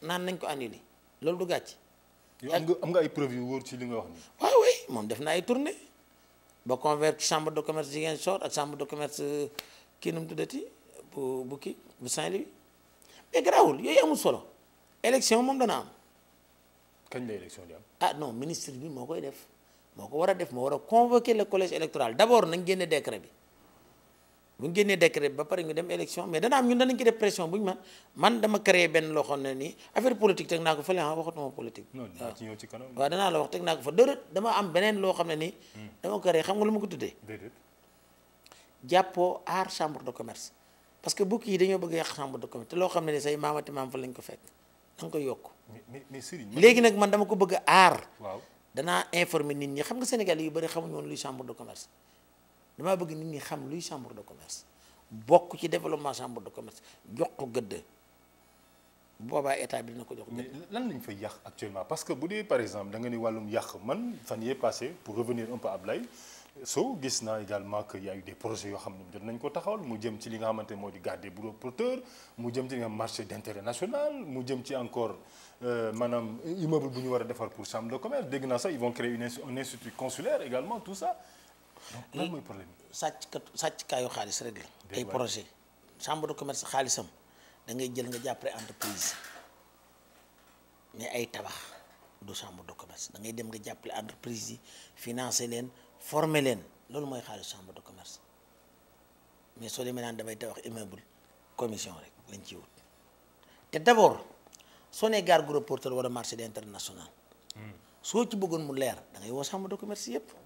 nan nañ ko annulé si du gatch am ay ci wax oui def na ay la chambre de commerce chambre de commerce euh, ki num tudati bu bu bu Saint-Louis mais garaawul yoy amul solo élection Quelle dana am. élection ah non ministre bi moo def moko wara def convoquer le collège électoral D'abord, nañ décret bu ñu génnee décret ba pare ñu dem élection mais dana am ñun danañ ci def pression bu ñu man man dama créé benn loo xam ne nii affaire politique teg naa ko fële ah waxatuma politique. non dinaa ci ñëw ci kanam. waaw danaa la wax teg naa ko fa déedéet dama am beneen loo xam ne nii. Hmm. dama créé xam nga lu ma ko tuddee. déedéet. jàppoo aar chambre de commerce parce que bukki yi dañoo bëgg yàq chambre de commerce te loo xam ne nii say maamati maam fa lañ ko fekk da nga koy yokk. mais mais Serigne. léegi nag man dama ko bëgg a aar. waaw danaa informer nit ñi xam nga Sénégal yu bëri xamuñu woon luy chambre de commerce dama bëgg nit ñi chambre de commerce développement chambre de commerce jox ko gëdd boobaa état bi dina ko jox nous lañ actuellement parce que par exemple da nga ni man fan pour revenir un peu à également qu'il y a eu des projets yoo xam ne jot nañ ko taxawal mu des mu jëm marché d'intérêt national mu jëm encore euh, maanaam immeuble bu ñu chambre de commerce ils vont créer une un institut consulaire également tout ça lan mooy problème bi. sàcckat sàcckaayu xaalis rek la. ay projet chambre de commerce xaalisam da ngay jël nga jàppale entreprise mais ay tabax du chambre de commerce da ngay dem nga jàppale entreprise yi financer leen former leen loolu mooy xaalis chambre de commerce mais soo demee naan damay tabax immeuble commission rek lañ ci wut te d'abord soo nee gare gros porteur wala marché international. Hmm. soo ci bëggoon mu leer da ngay woo chambre de commerce yëpp.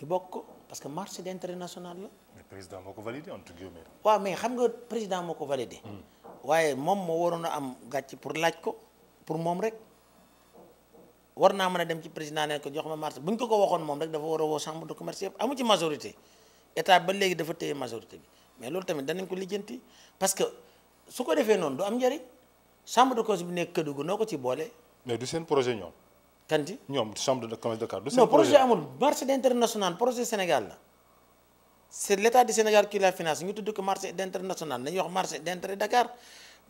ñu bokk ko parce que marché d'intérêt national la. mais président moo ko validé entre waaw mais xam nga président moo ko validé. waaye moom moo waroon a am gàcc pour laaj ko pour moom rek war naa mën a dem ci président ne ko jox ma marché bu ñu ko ko waxoon moom rek dafa war a woo chambre de commerce yëpp amu ci majorité état ba léegi dafa téye majorité bi mais loolu tamit danañ ko lijjanti parce que su ko defee noonu du am njëriñ chambre de commerce bi nekk Kédougou noo ko ci boole. mais du seen projet ñoom. kanti ñoom chambre de commerce de Dakar non projet amul marché international projet Sénégal la c'est l'état du Sénégal qui la finance ñu tudd ko marché international nañuy wax marché d'intérêt Dakar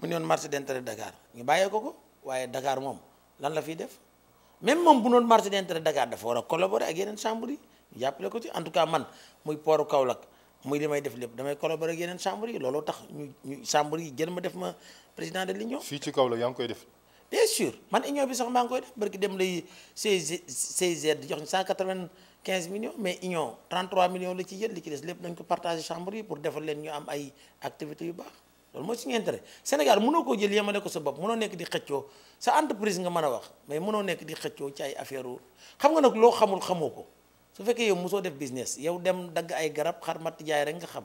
mu ne marché d'intérêt Dakar ñu bàyyee ko ko Dakar moom lan la fiy def même moom bu noon marché d'intérêt Dakar dafa war a collaborer ak yeneen chambre yi ñu jàppale ko ci en tout cas man muy pooru Kaolack muy li may def lépp damay collaborer ak yeneen chambre yi looloo tax ñu ñu chambre yi jël ma def ma président de l'union fii ci Kaolack yaa koy def bien sûr man union bi sax maa ngi koy def barki dem lay CIZ CIZ di jox ñu 195 millions mais union 33 millions la ci jël li ci des lépp dañ ko partagé chambre yi pour defal leen ñu am ay activités yu baax loolu mooy suñu intérêt Sénégal mënoo koo jël yemale ko sa bopp mënoo nekk di xëccoo sa entreprise nga mën a wax mais mënoo nekk di xëccoo ci ay affaire xam nga nag loo xamul xamoo ko su fekkee yow mosoo def business yow dem dagg ay garab xarmat jaay rek nga xam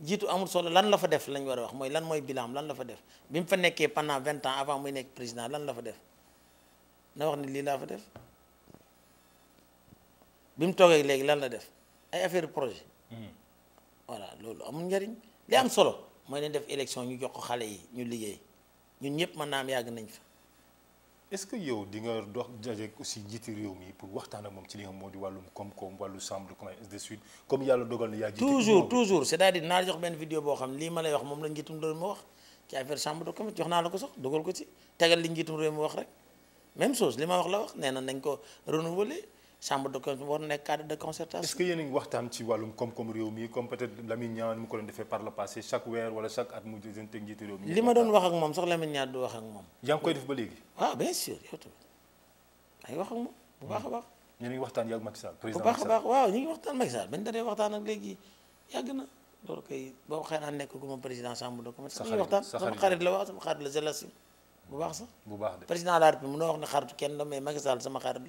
jiitu amul solo lan la fa def lañ war a wax mooy lan mooy bilan lan la fa def bi mu fa nekkee pendant vingt ans avant muy nekk président lan la fa def na wax ni lii laa fa def bi mu toogee léegi lan la def ay affaire projet voilà loolu amul njariñ li am solo mooy leen def élection ñu jox ko xale yi ñu liggéey ñun ñëpp mën naa am yàgg nañ fa est-ce que yow di nga aussi pour ci li nga Comme de suite toujours toujours c'est-à-dire na jox vidéo bo xam vous ma wax vous la fait réew wax ci affaire chambre de commerce jox sax dogal ko ci tegal li réew wax rek même chose li ma wax la chambre de commerce war nekk cadre de concertation. est-ce que yéen a ngi waxtaan ci walum comme comme rewmi comme peut-être Lamine Niang ni mu ko doon defee par le passé chaque wèr wala chaque at mu jënd teg njiitu réew mi. li wax ak mom sax Lamine Niang du wax ak mom. yaa ngi koy def ba légui. ah bien sûr yow tamit ay wax ak mom. bu baax baax. Ñi ngi waxtan yow ak Macky Sall président bu baax baax waaw ñi ngi waxtan Macky Sall bañ dañé waxtan ak légui. Yag na loolu kay boo xëy naa nekk gu ma président chambre de commerce. sa xarit la sama xarit la wax, sama xarit la bu baax sax bu baax de président de la République mënoo wax ne xarit kenn la mais Macky Sall sama xarit la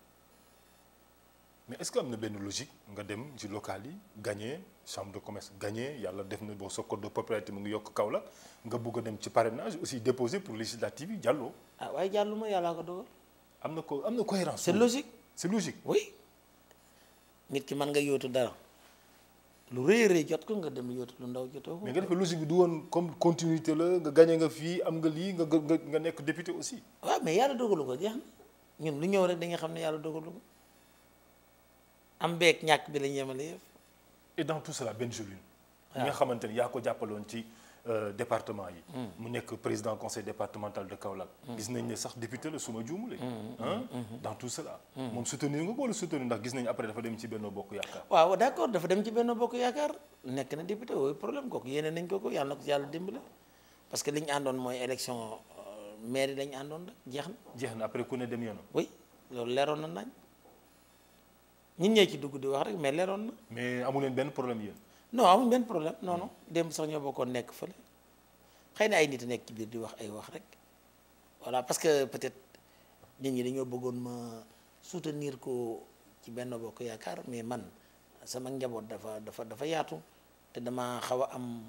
est-ce que am na benn logique nga dem ci local yi gagné chambre de commerce gagné yàlla def na boo sa code de popularité mu ngi yokk kaw la nga bugg a dem ci parrainage aussi déposé pour législative yi ah waaye jàllu ma yàllaa ko dogal. am na ko am cohérence. c'est logique c'est logique. oui nit ki mën nga yóotu dara lu rëy rëy jot ko nga dem yóotu lu ndaw jotoo mais nga def logique bi du woon comme continuité la nga gagner, nga fii am nga lii nga nga nga nekk député aussi. waaw mais yàlla dogalu ko jeex na ñun lu ñëw rek dañuy xam ne yàlla dogalu ko am beeg bi lañ yemale yef et dans tout cela Bengelune. waaw ah. nga xamanteni ya ko jappalon ci euh, département yi. Hmm. mu nekk président conseil départemental de Kaolack. Hmm. gis nañ ne sax député la suma juumulee. Hmm. Hein? dans tout cela. moom soutenir nga ko le soutenir ndax gis nañ après dafa dem ci Benno Bokk yakar waaw d' accord dafa dem ci Benno Bokk yakar nekk na député wooyu problème kooku yene nañ ko ko yàlla na ko yàlla dimbale parce que liñ ñu moy mooy élection euh, mairie lañu àndoon rek jeex na. après ku ne dem yono oui loolu leeroon na nañ. ñun ñee ci dugg di wax rek mais leeroon na. mais amu leen benn problème yéen. non amuñ benn problème non non dem sax ñoo bokkoon nekk fële xëy na ay nit nekk ci biir di wax ay wax rek voilà parce que peut-être nit ñi dañoo bëggoon ma soutenir ko ci benn bokk yaakaar mais man sama njaboot dafa dafa dafa yaatu te dama xaw a am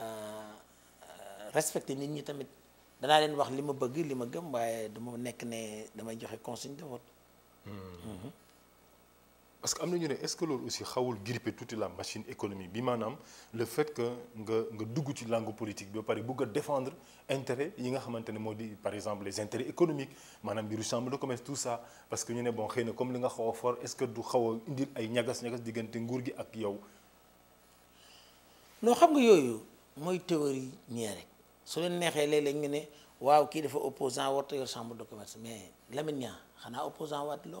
euh, respecté nit ñi tamit danaa leen wax li ma bëgg li ma gëm waaye dama nekk ne dama joxe consigne de vote. Hmm. Mhm. parce que am ñu ne est-ce que loolu aussi xawul gripper toute la machine économique bi maanaam le fait que nga nga dugg ci langue politique bi ba pare bëgg a défendre intérêt yi nga xamante ne moo di par exemple les intérêts économiques manam mbiru chambre de commerce tout ça parce que ñu ne bon xëy na comme li nga xaw fort est-ce que du xaw a indil ay ñagas-ñagas diggante nguur gi ak yow. non xam nga yooyu mooy théorie ñee rek su leen neexee léeg-léeg ñu ne waaw kii dafa opposant warta yor chambre de commerce mais Lamine Niang xanaa opposant waat la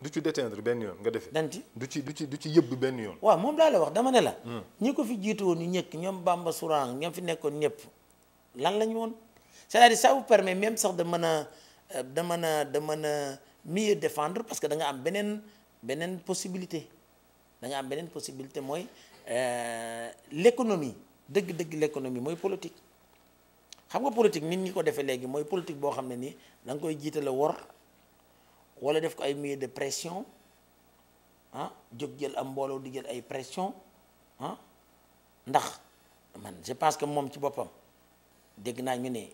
du ci déteindre benn yoon nga defee. danti du ci du ci du ci yëbb benn yoon. waaw moom laa la wax dama ne la. Hmm. ñi ko fi jiitu woon ñu ñëkk ñoom Bamba Sourang ñoom fi nekkoon ñëpp lan la ñu woon c'est-à-dire ça vous permet même sax de mën a euh, de mën a de mën a mieux défendre parce que da nga am beneen beneen possibilité da nga am beneen possibilité mooy euh, l'économie dëgg-dëgg l'économie mooy politique xam nga politique nit ñi ko defee léegi mooy politique boo xam ne nii da nga koy wor wala def ko ay moyen de pression ah jog jël am mbolo di jël ay pression ah ndax man je pense que mom ci bopam deg naa ñu né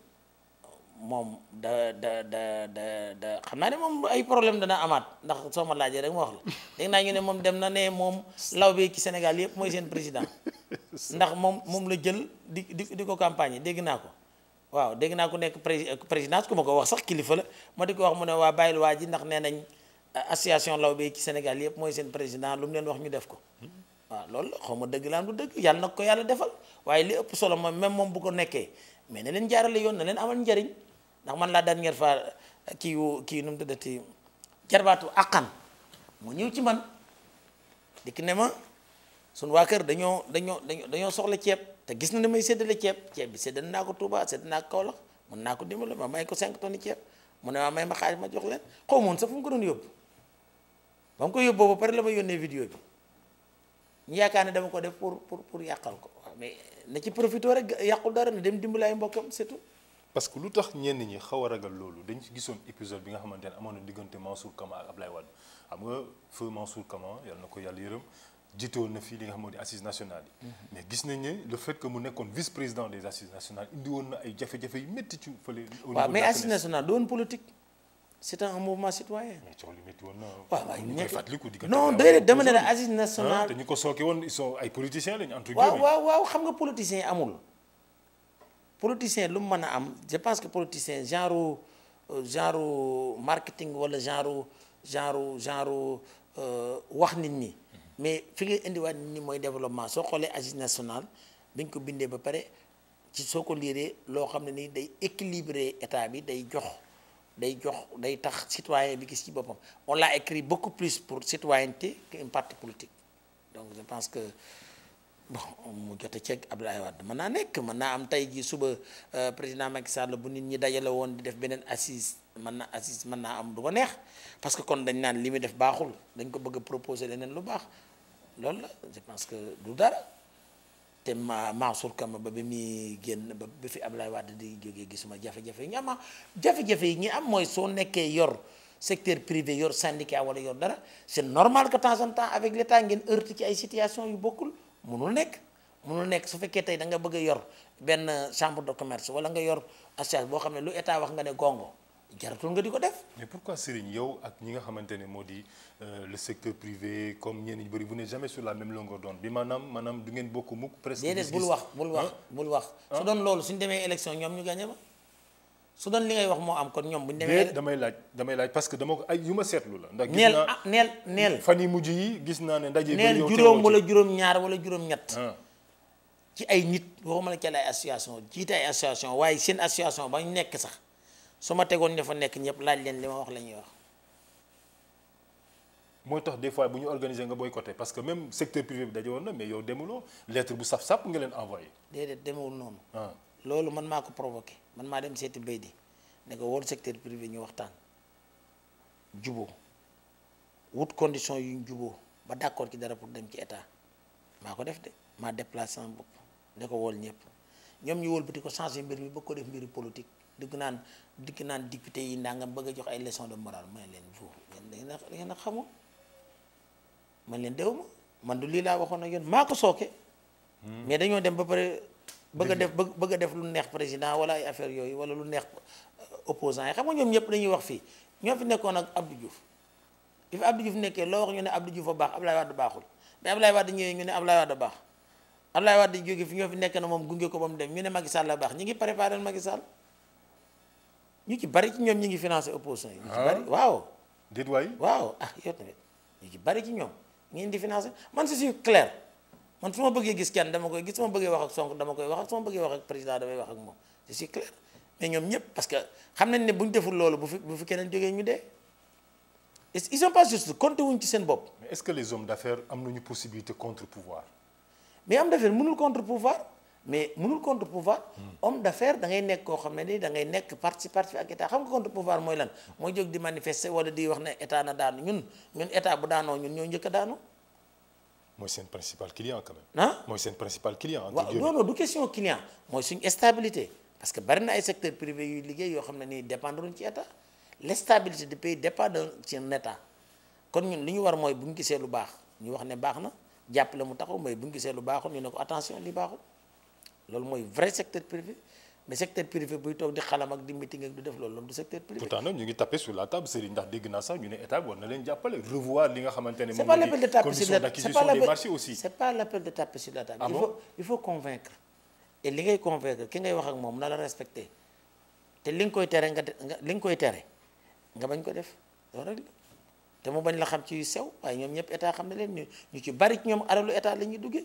mom da da da da da xamna né mom ay problème dana amat ndax soo laaje rek mo wax la deg naa ñu né mom dem na ne mom, bi ci Sénégal yépp moy sen président (laughs) ndax mom mom la jël di di di ko campagne deg na ko waaw dégg naa ku nekk euh, présidence ku ma ko wax sax kilifa la ma di ko wax mu ne waa bàyyil waa ji ndax nee nañ euh, association Lawbe ci Sénégal yëpp mooy seen président lu mu leen wax ñu def ko waaw loolu xaw ma dëgg laan du dëgg yàlla nag ko yàlla defal waaye li ëpp solo moom même moom bu nekkee mais na leen jaarale yoon na leen amal njariñ ndax man laa dernière fois euh, kii wu kii nu mu tuddati jarbaatu àqan mu ñëw ci man dikk ne ma suñu waa kër dañoo dañoo dañoo dañoo soxla ceeb te gis na ne may séddale ceeb ceeb bi séddale naa ko Touba sedd naa ko Kaolack mën naa ko dimbali ma may ko 5 tonnes ceeb mu ne ma may ma xaalis ma jox leen xaw ma woon sax doon yóbbu ba ko yóbboo ba pare la ma yónnee vidéo bi yaakaar ne dama ko def pour pour pour yàqal ko waaw mais na ci profité rek yàqul dara na dem dimbali ay mbokkam surtout. parce que lu tax ñenn ñi xaw a ragal loolu dañ ci gisoon épisode bi nga xamante ne amoon na diggante Mansour Kama ak Ablaye Wade xam nga feu Mansour Kama yàlla na ko yàlla yërëm Je assises nationales mhm. mais le fait que nous sommes vice président des assises nationales na ay mais assises nationales politique. c'est un mouvement citoyen. mais non assises ah, nationales. ils sont politiciens politiciens je pense que politiciens, genre euh, genre marketing ou genre genre genre euh, mais fi nga indiwaat nit ñi développement so xolé agence nationale bi ko bindé ba paré ci soko ko lo xamné ni day équilibrer état bi day jox day jox day tax citoyen bi gis ci bopam on l'a écrit beaucoup plus pour citoyenneté qu'un parti politique donc je pense que bon mu jot a ceeg Abdoulaye Wade mën naa nekk mën naa am tay ji suba euh, président Macky Sall bu nit ñi dajale won di def benen assise mën na Aziz mën naa am du ko neex parce que kon dañ naan li muy def baaxul dañ ko bëgg proposer leneen lu baax loolu la je pense que du dara te ma Mansour Kama ba bi muy génn ba bi fi Ablaye Wade di jógee gisuma jafe-jafe yi ñu am jafe-jafe yi ñi am mooy soo nekkee yor secteur privé yor syndicat wala yor dara c'est normal que temps en temps avec l'État ngeen heurte ci ay situation yu bokkul munul nekk munul nekk su fekkee tey da nga bëgg a yor benn chambre de commerce wala nga yor association boo xam ne lu état wax nga ne gongo jaratul nga di ko def. mais pourquoi Serigne yow ak ñi nga xamante ne euh, le secteur privé comme ñenn ñu bari vous n'êtes jamais sur la même longueur d'onde bi manam manam du ngeen bokku muk presque. déedéet bul wax bul wax hein? bul wax. Hein? su doon lolu suñu démé élection ñom ñu gagné ma su doon li ngay wax moo am kon ñom buñ démé damay laaj damay laaj parce que dama ko ay yu ma la. ndax gis naa ah, neel neel fani yi mujj yi gis na né ndaje. neel juróom wala juróom-ñaar wala juróom-ñett. Hein? ci ay nit waxuma la ci ay association jiite ay association waye seen association ba nekk sax suma ma tegoon ña fa nekk ñëpp laaj leen li ma wax la wax. mooy tax des fois buñu ñu organiser nga boycotté parce que même secteur privé bi daje woon na mais yow demuloo lettre bu saf-saf nga leen envoyé. déedéet demewul noonu. Ah. lolu man mako provoquer man ma dem séti beydi né ko wol secteur privé ñu waxtaan djubo wut condition yu djubo ba d'accord ci dara pour dem ci état mako def dé ma déplacé sama bopp ne ko wol ñep ñom ñu wol wëlbati ko changer mbir mi ba ko def mbir politique. dëgg naan dëgg naan député yi ndangam bëgg a jox ay leçon de morale ma leen vous ngeen da ngeen a xamoo man leen dew ma man du lii laa waxoon ak yoon maa ko sooke. Hmm. mais dañoo dem ba pare bëgg a def bëgg a def lu neex président wala ay affaire yooyu wala lu neex euh, opposant yi xam nga ñoom ñëpp dañuy wax fii ñoo fi nekkoon ak Abdou Diouf bi fi Abdou Diouf nekkee loo wax ñu ne Abdou Diouf a baax Abdoulaye Wade baaxul mais Abdoulaye Wade ñëwee ñu ne Abdoulaye Wade baax Abdoulaye Wade jóge fi ñoo fi nekk na moom baax ñu ngi préparé Macky Sall ñu ci bari ci ñom ñi ngi financer opposition yi. ñu ci ah. bari waaw. déet waay waaw ah yow tamit ñu ci bari ci ñom ñi indi financer man c'est clair man fuma ma gis kenn dama koy gis sama ma wax ak sonk dama koy wax ak sama ma wax ak président dama wax ak moom c'est sûr clair mais ñom ñep parce que xam nañ ne bu deful loolu bu fi bu fi keneen jógee ñu dee. ils sont pas juste compté wuñ ci seen bopp. mais est-ce que les hommes d'affaires am nañu possibilité contre pouvoir. mais am d'affaires mënul contre pouvoir mais mënul contre pouvoir homme d'affaires da ngay nek ko xamné ni da ngay nek parti ak état xam nga contre pouvoir moy lan moy jog di manifester wala di wax né état na daanu ñun ñun état bu daano ñun ñoo ñëk a daanu mooy seen principal client quand même hein moy sen principal client waaw non non du question client mooy suñ stabilité parce que bari na ay secteur privé yu liggéey yo xamné ni nii dépendre ci état l' stabilité du pays dépend de ci état kon ñun li ñu war moy buñu gisé lu baax ñu wax né baax na jappalé mu taxaw moy buñu gisé lu baaxul ñu ne ko attention li baaxul loolu mooy vrai secteur privé mais secteur privé buy toog di xalam ak di meeting ak du def loolu loolu du secteur privé. pourtant nag ñu ngi tapé sur la table Serigne ndax dégg naa sax ñu ne état war na leen jàppale revoir li nga xamante ne moom moo di condition d'acquisition des marchés aussi. c'est pas l'appel de taper sur la table. ah bon il faut il faut convaincre et li ngay convaincre ki ngay wax ak moom na la respecté te li nga koy tere nga li nga koy tere nga bañ ko def loolu rek te mu bañ la xam ci sew waaye ñoom ñëpp état xam na leen ñu ñu ci bari ci ñoom alalu état la ñuy duggee.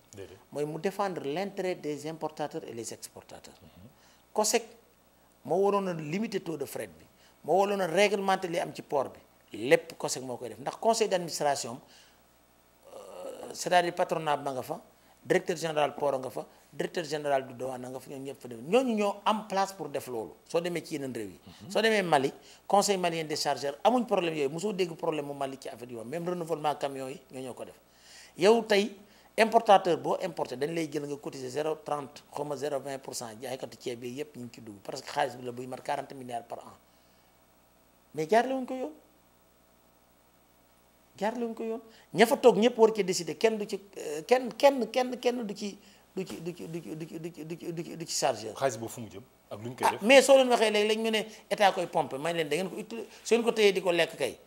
moy mu défendre l'intérêt des importateurs et les exportateurs COSEC mo wonone limiter taux de fret bi mo wonone réglementer li am ci port bi lepp COSEC moo koy def ndax conseil d'administration euh, c'est-à-dire patronat ba nga fa directeur général port nga fa directeur général du douane nga fa ñoom ñëpp def ñoo ñooñu ñoo am place pour def lolu so démé ci yeneen réew yi. Mhm. so démé Mali conseil malien des chargeurs amuñ problème yooyu mosoo dégg problème mu Mali ci affaire yooyu même renouvellement camion yi ñoo ñoo ko def yow tay importateur boo importé dañ lay jël nga cotiser zéro trent xaw ma zéro vingt pour cent jaaykatu ceeb bi yépp ñu ngi ci dugg parce que xaalis bi la buy mat quarante milliards par an mais jaarale wuñ ko yoon jaarale ko yoon ña toog ñëpp war ci décider kenn du ci euh, kenn kenn kenn kenn du ci du ci du ci du ci du ci du ci ci chargeur. xaalis boobu fu mu ak lu ñu koy ah, mais soo leen waxee léegi lañ ñu ne état koy pompe may leen da ngeen ko utile soo leen ko téyee di ko lekk kay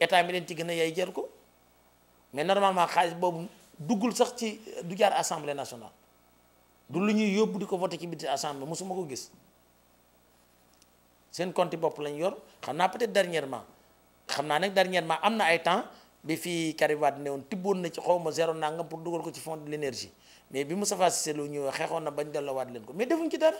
état mi leen ci gën yaay yay jël ko mais normalement xaalis boobu. dugul sax ci du jaar assemblée nationale du lu ñuy yóbbu di ko voté ci biti assemblée musuma ko gis seen compte bopp lañ yor xam naa peut être dernièrement xam naa nag dernièrement am na ay temps bi fi karibat Wade newoon tibboon na ci xawma zéro nangam pour dugal ko ci fond de l'énergie mais bi Moustapha Cissé Lo ñëwee xeexoon na bañ delloowaat leen ko mais defuñ ci dara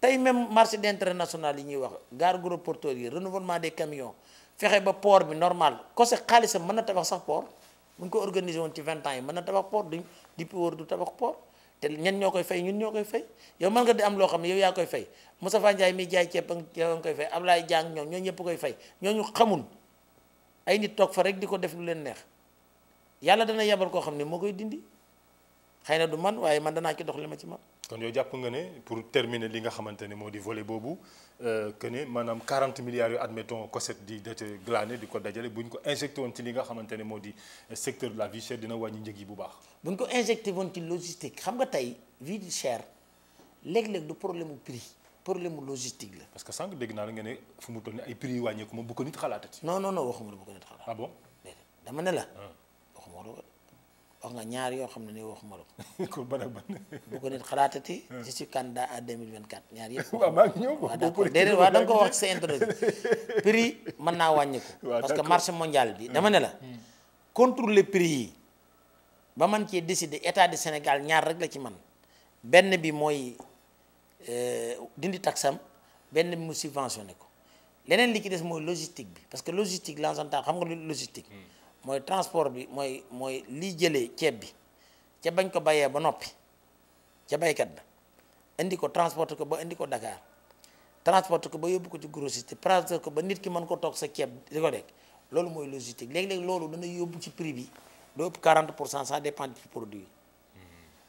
tey même marché d'intérêt national yi ñuy wax gare gros porteur yi renouvellement des camions fexe ba port bi normal ko se xaalisam mën na tabax sax port bu ñu ko organisé woon ci 20 ans yi mën na tabax port duñ DP World du tabax port te ñen ñoo koy fay ñun ñoo koy fay yow mën nga di am loo xam ne yow yaa koy fay Moustapha Ndiaye mi jaay ceeb yaa ngi koy fay Ablaye Diang ñoom ñoo ñëpp koy fay ñooñu xamul ay nit toog fa rek di ko def lu leen neex yàlla dana yebal koo xam ne moo koy dindi xëy du man waaye man danaa ci dox li ma ci man kon yow jàpp nga ne pour terminer li nga xamante ne moo di volet boobu euh, que ne maanaam 40 milliards yu admettons COSEC di date glané di ko dajale buñ ko injecté woon ci li nga xamante ne moo di euh, secteur de la vie chère dina wàññi njëg yi bu baax. buñ ko injecté woon ci logistique xam nga tey vie chère léeg-léeg du problème prix problème logistique la. parce que sànq dégg naa la nga ne fu mu toll nii ay prix yu wàññeeku moom bu ko nit xalaatati. non non non waxuma la bu ko nit xalaat. ah bon dama ne la. Ah. waxuma la. wax nga ñaar yoo xam ne nii wax la ko. (laughs) ko ban ak ban. (laughs) bu ko nit xalaatati. je suis candidat à 2024 ñaar yëpp. (laughs) waaw maa ñëw ko wax ci sa mën naa wàññiku parce que marché mondial bi dama ne la. Hmm. contrôler prix yi ba man cee décider état de Sénégal ñaar rek la ci man benn bi mooy euh, dindi taxam benn bi mu subventionné ko leneen li ci des mooy logistique bi parce que logistique l'ensemble xam nga logistique. Hmm. mooy transport bi mooy mooy lii jëlee ceeb bi ca bañ ko bayee ba noppi ca baykat ba indi ko transporté ko ba indi ko dakaar transporté ko ba yóbbu ko ci grossiste transporté ko ba nit ki mën ko toog sa ceeb di ko de loolu mooy logistique léeg-léeg loolu dana yóbbu ci prix bi lu ëpp 40 pour cent ça dépend du produit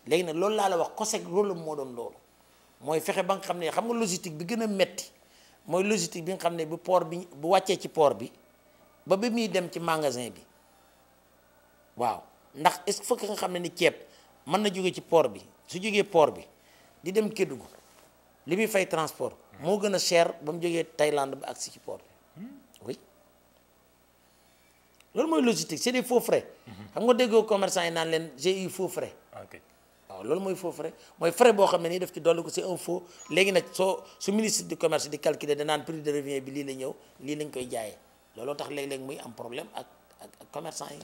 léegi nag loolu laa la wax COSEC rôle moo doon loolu mooy fexe ba nga xam ne xam nga logistique bi gën a metti mooy logistique bi nga xam ne bu port bi bu wàccee ci port bi ba bi muy dem ci magasin bi waaw ndax est-ce que fëkk nga xam ne ni ceeb mën na jóge ci poor bi su jógee poor bi di dem Kédougou li muy fay transport moo gën a cher ba mu jógee Thaïlande ba agsi ci port bi hmm. oui loolu mooy logistique c'est des faux frais mhm. xam nga déggoo commerçant yi naan leen j'ai eu faux frais waaw loolu mooy faux frais mooy frais boo xam ne nii daf ci dolli ko c'est un faux léegi nag soo su ministre du commerce di calculer danaan prix de revient bi lii la ñëw lii lañ koy jaayee looloo tax léeg muy am problème ak ak commerçant yi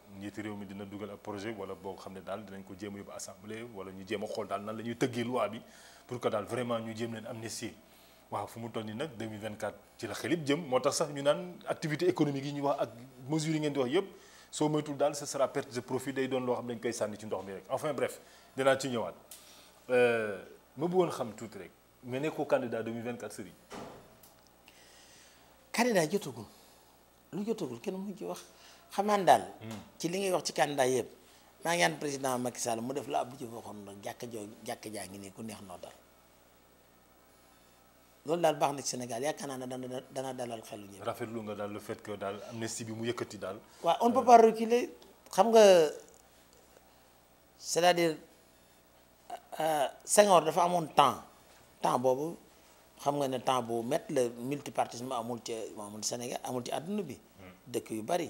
njiitu réew mi dina duggal ab projet wala boo xam ne daal dinañ ko jéem a yóbbu assemblée wala ñu jéem a xool daal nan la ñuy tëggee loi bi pour que daal vraiment ñu jéem leen amnistie waaw fu mu toll nii nag 2024 ci la xel it jëm moo tax sax ñu naan activité économique yi ñu wax ak mesures yi ngeen di wax yëpp soo moytul daal ce sera perte de profit day doon loo xam dañ koy sànni ci ndox mi rek enfin bref dinaa ci ñëwaat euh, ma bëggoon xam tuuti rek nga nekkoo candidat 2024 Serigne. candidat jotagul lu jotagul kenn mu ci wax xamaan hmm. ci li ngay wax ci candidat yëpp maa ngi ñaan président Macky Sall mu def la Abdou Diouf waxoon nag jàkka joo jàkka ngi nii ku neex no dal loolu dal baax na ci Sénégal yakana na dana dalal xel ñi rafet lu nga dal le fait que dal amnistie bi mu yëkëti dal wa on peut euh, pas reculer xam nga c'est-à-dire euh Senghor dafa amoon temps temps bobu xam nga ne temps bu métti le multipartisme amul ci amul Sénégal amul ci àdduna bi. Hmm. dëkk yu bari.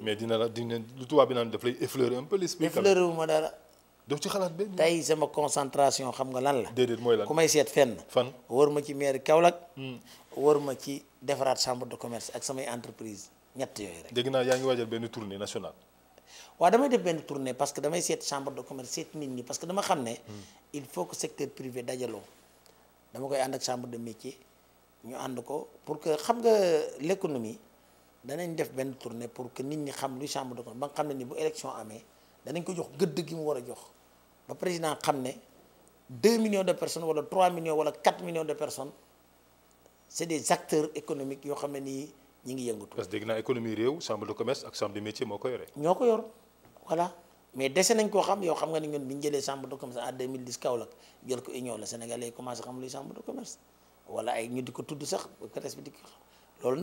mais dina la dina lu tuba bi naan daf lay effleurer un peu l'esprit. effleurer wu ma dara. do ci xalat benn tay sama concentration xam nga lan la. déedéet moy lan ku may seet fenn. fan wër ma ci mairie Kaolack. Hmm. wër ma ci defrat chambre de commerce ak sama entreprise ñett yoy rek. deug na yaa ngi waajal benn tournée nationale. waaw damay def ben tournée parce que damay set chambre de commerce set nit ni parce que dama xam hmm. il faut que secteur privé dajalo dama koy ànd ak chambre de métier ñu and ko pour que xam nga l'économie danañ def benn tournée pour que nit ñi xam luy chambre de commerce ba nga xam ne ni bu élection amee danañ ko jox gëdd gi mu war a jox ba président xam ne 2 millions de personnes wala 3 millions wala 4 millions de personnes c'est des acteurs économiques yoo xam ne nii ñu ngi yëngatu. parce que dégg naa économie réew chambre de commerce ak chambre de métier moo ko yore. ñoo ko yor voilà mais dese nañ koo xam yow xam nga ni ñun bi ñu jëlee chambre de commerce à 2010 Kaolack jël ko union la Sénégalais yi commencé xam luy chambre ko tudd sax presse bi di ko xam loolu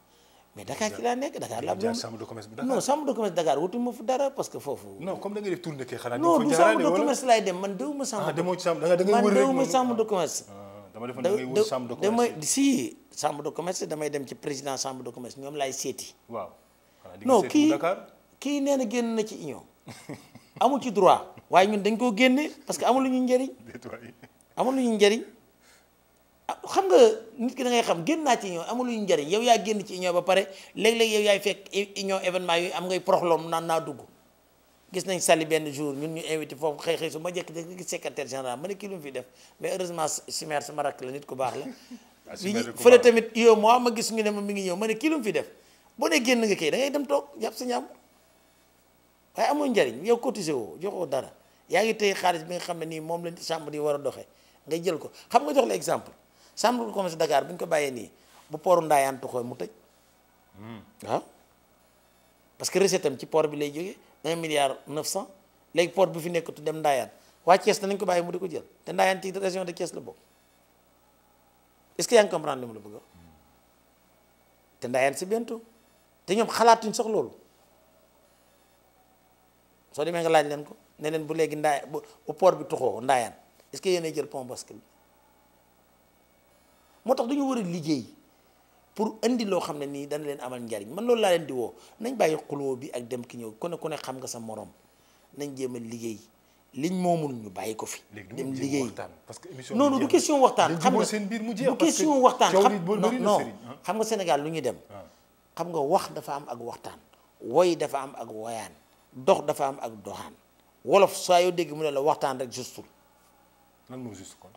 mais Dakar ci laa nekk Dakar laa. jaar chambre de commerce bi Dakar non chambre de commerce Dakar wutuma fa dara parce que foofu. non comme da def tournée kay xanaa. du chambre de commerce laay dem ah, ci chambre da nga wër rek man dewuma chambre président chambre de commerce ñoom laay seeti. waaw kii kii nee na génn na ci union amul ci droit waaye ñun dañ koo génne parce que amul lu ñu njëriñ. (laughs) amul lu ñu njëriñ. xam nga nit ki da ngay xam génn naa ci union amul luñu njëriñ yaa génn ci union ba pare léeg-léeg yow yaay fekk union événement yooyu am ngay proxlom naan naa dugg gis nañ sali benn jour ñun ñu invité foofu xëy xëy su ma jekk de gis secrétaire général ma ne kii lu mu fi def mais heureusement chimère sama rakk la nit ku baax ah, tamit yow moi ma gis ñu ne mi ngi ñëw ma ne kii lu fi def boo ne génn nga kay da dem toog jàpp sa ñaam waaye amul njëriñ yow cotisé woo joxoo dara yaa ngi tey xaalis bi nga xam ne nii moom la chambre yi war a doxee ngay jël ko xam nga jox la exemple chambre de commerce Dakar bu ñu ko bàyyee nii bu pooru Ndaayaan tuxoo mu tëj. waaw hmm. ah. parce que recette ci poor bi lay jógee 1 milliard 900 léegi port bu fi nekkatu dem Ndaayaan waa na nañ ko bàyyi mu di ko jël te Ndaayaan ci région de Thiès la bokk est-ce que yaa ngi comprendre li la bëgg hmm. te Ndaayaan c'est bientôt te ñoom xalaatuñ sax loolu soo demee nga laaj leen ko ne leen bu léegi ndaay bu poor bi tuxoo Ndaayaan est-ce que yéen a jël pont bascule. motax tax dañu war liggéey pour indi loo xam ne nii dana leen amal njariñ man loolu laa leen di woo nañ bàyyi xuloo bi ak dem ki ñëw ku ne ku ne xam nga sa morom nañ jéem a liggéey liñ moomul ñu bàyyi ko fi. dem liggéey parce que émission non non du question waxtaan. xam nga seen biir mu jeex du question waxtaan xam non xam nga Sénégal lu ñu dem. xam nga wax dafa am ak waxtaan. woy dafa am ak woyaan. dox dafa am ak doxaan. wolof saa yoo dégg mu ne la waxtaan rek justul. lan moo juste kon.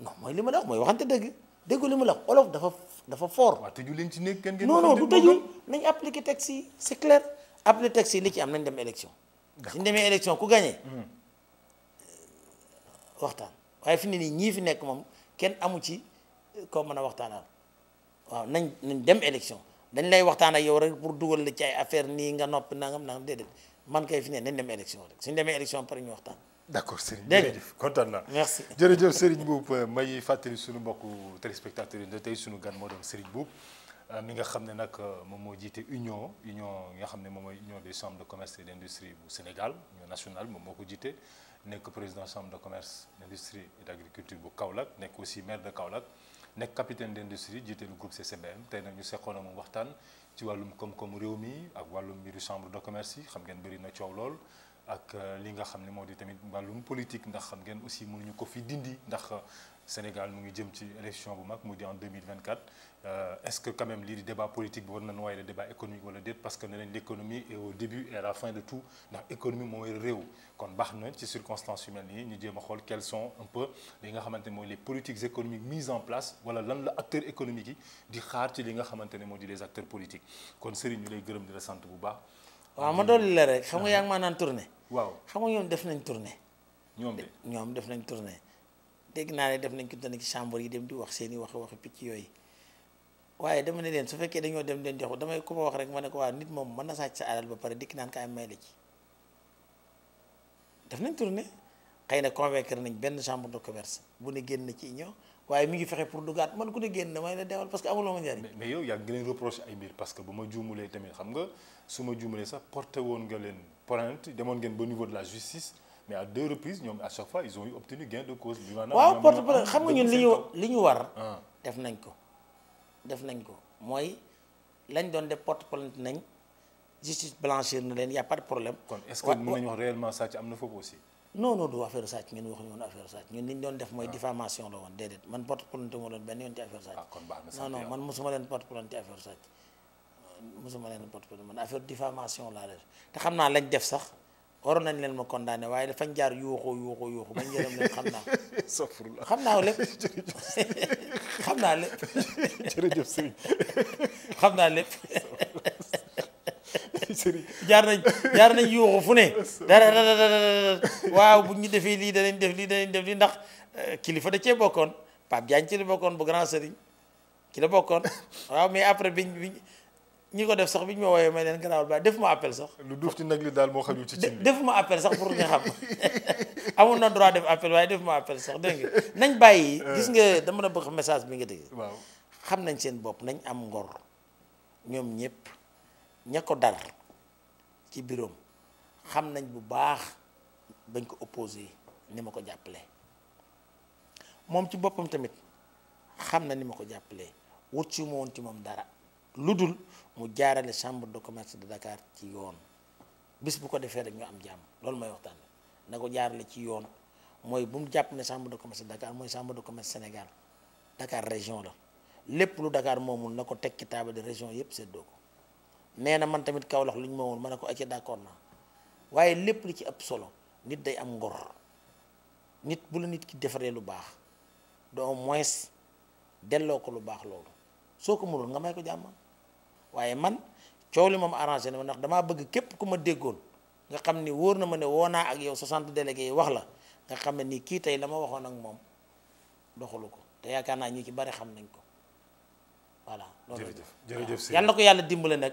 non mooy li ma la wax mooy waxante dëgg. dégg li mu la olof dafa dafa fort. waaw tëju leen ci néeg kenn ngeen non non du tëju nañ appliqué texte si c' est clair appliqué texte yi li ci am nañ dem élection. suñ demee élection ku gagné. Hmm. waaye fi nii ñii fi nekk moom kenn amu ci euh, koo man a waxtaanal waaw nañ nañ dem élection dañ lay waxtaan a yow rek pour dugal la ci ay affaire nii nga noppi nangam nangam déedéet man kay fi ne nañ dem élection rek suñ demee élection pare ñu waxtaan. d' accord Serigne jërëjëf kontaan naa merci jërëjëf Serigne Mboup euh, may fàttali suñu mbokku téléspectateurs yi ne tey suñu gan moo doon Serigne Mboup euh, mi nga xam ne nag euh, moom union union nga xam ne union des chambres de commerce et d'industrie industrie Sénégal union nationale moom moo ko jiite nekk président chambre de commerce industrie et d' agriculture bu Kaolack nekk aussi maire de Kaolack nekk capitaine d'industrie industrie jiite groupe CCBM tey nag ñu seqoon moom waxtaan ci wàllum koom comme réew mi ak wàllum mbiru chambre de commerce yi xam ngeen bëri na coow lol ak euh, li nga xamné modi tamit balum politique ndax xam ngeen aussi mënuñu ko fi dindi ndax euh, Sénégal mu ngi jëm ci élection bu mag mu di en 2024 euh, est-ce que quand même lii débat politique bi war na le débat économique wala déet parce que ne l'économie est au début et à la fin de tout ndax économie mooy réw kon baxna ci circonstances humaines yi ñu jëm a quels sont un peu li nga xamanté moy les politiques économiques mises en place wala lan la acteurs économiques di xaar ci li nga xamanté ne di les acteurs politiques kon sëriñ ñu lay gërëm di la sant bu baax waaw ma dolli la rek xam nga yaa ngi maanaan tournée. waaw xam nga ñoom def nañ tournée. ñoom ñoom def nañ tournée. dégg naa ne def nañ ko dana ci chambre yi dem di wax seen i waxi waxi picc yooyu waaye dama ne leen su fekkee dañoo dem leen jox damay ku ma wax rek ma ne ko waa nit moom man na sàcc sa alal ba pare dikk naan kaay may la ci. def nañ tournée xëy na convaincre nañ benn chambre de commerce bu ne génn ci union Mais pour man ne parce que mais il y a un ay parce que niveau de la justice mais à deux reprises à chaque fois ils ont obtenu gain de cause Oui, porte plainte xam nga ñun justice blanchir na a pas de problème est-ce que nous avons réellement ça aussi non non du affaire sàcc ngeen waxuñu woon affaire sàcc ñun li ñu doon def mooy ah. diffamation la woon déedéet man porte plainte moo doon benn yoon ci affaire sàcc. Ah, kon man mosuma leen porte plainte affaire sàcc mosuma leen porte plainte man affaire diffamation laa def te xam naa lañ def sax waroon nañ leen ma condamné waaye fañ jaar yuuxu yuuxu yuuxu bañ yërëm leen xam naa. (laughs) safurla xam naa lépp (laughs) xam naa lépp. jërëjëf sëñ xam naa lépp. jaar nañ jaar nañ yuuxu fu ne dara dara waaw bu ñu defee lii danañ def lii danañ def lii ndax kilifa da cee bokkoon Pape Diagne ci bokkoon bu grand sëriñ ci la bokkoon waaw mais après biñ biñ ñi ko def sax bi ñu ma woowee may leen garaawal ba def ma appel sax. lu duuf ci nag li daal moo xajul ci cin bi def ma appel sax pour na droit def appel waaye def ma appel sax dégg nañ bàyyi. gis nga dama la bëgg message bi nga dégg. waaw xam nañ seen bopp nañ am ngor ñoom ñëpp. ña ko dar ci biroom xam nañ bu baax bañ ko opposé ni ma ko jàppale moom ci boppam tamit xam na ni ma ko jàppale wut ci ma woon ci moom dara lu dul mu jaarale chambre de commerce de Dakar ci yoon bis bu ko defee rek ñu am jàmm loolu mooy waxtaan na ko jaarale ci yoon mooy bu mu jàpp ne chambre de commerce de Dakar mooy chambre de commerce Sénégal Dakar région la lépp lu Dakar moomul na ko teg tekki taabal région yëpp séddoo ko nee na man tamit kawlax lu ñu ma woon ma ne ko d'accord na waye lepp li ci ëpp solo nit day am ngor nit bu la nit ki defaree lu baax do moins delloo ko lu baax lolu soko ko mënul nga may ko jamm waye man ciowli mom arrangé na ma dama bëgg képp ku ma déggoon nga xamni ni na ma ne wona ak yow 60 délégué wax la nga xamni ki tay lama waxon ma ak mom doxalu ko te yaakaar naa ñu ci bari xam nañ ko voilà. loolu jërëjëf jërëjëf yàlla ko yàlla dimbale nag.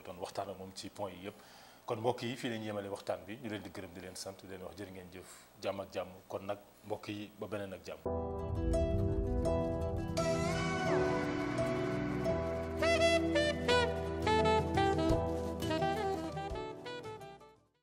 Quand waxtaan ak moom ci point yi kon mbokk yi fii yemale bi ñu di gërëm di leen sant di wax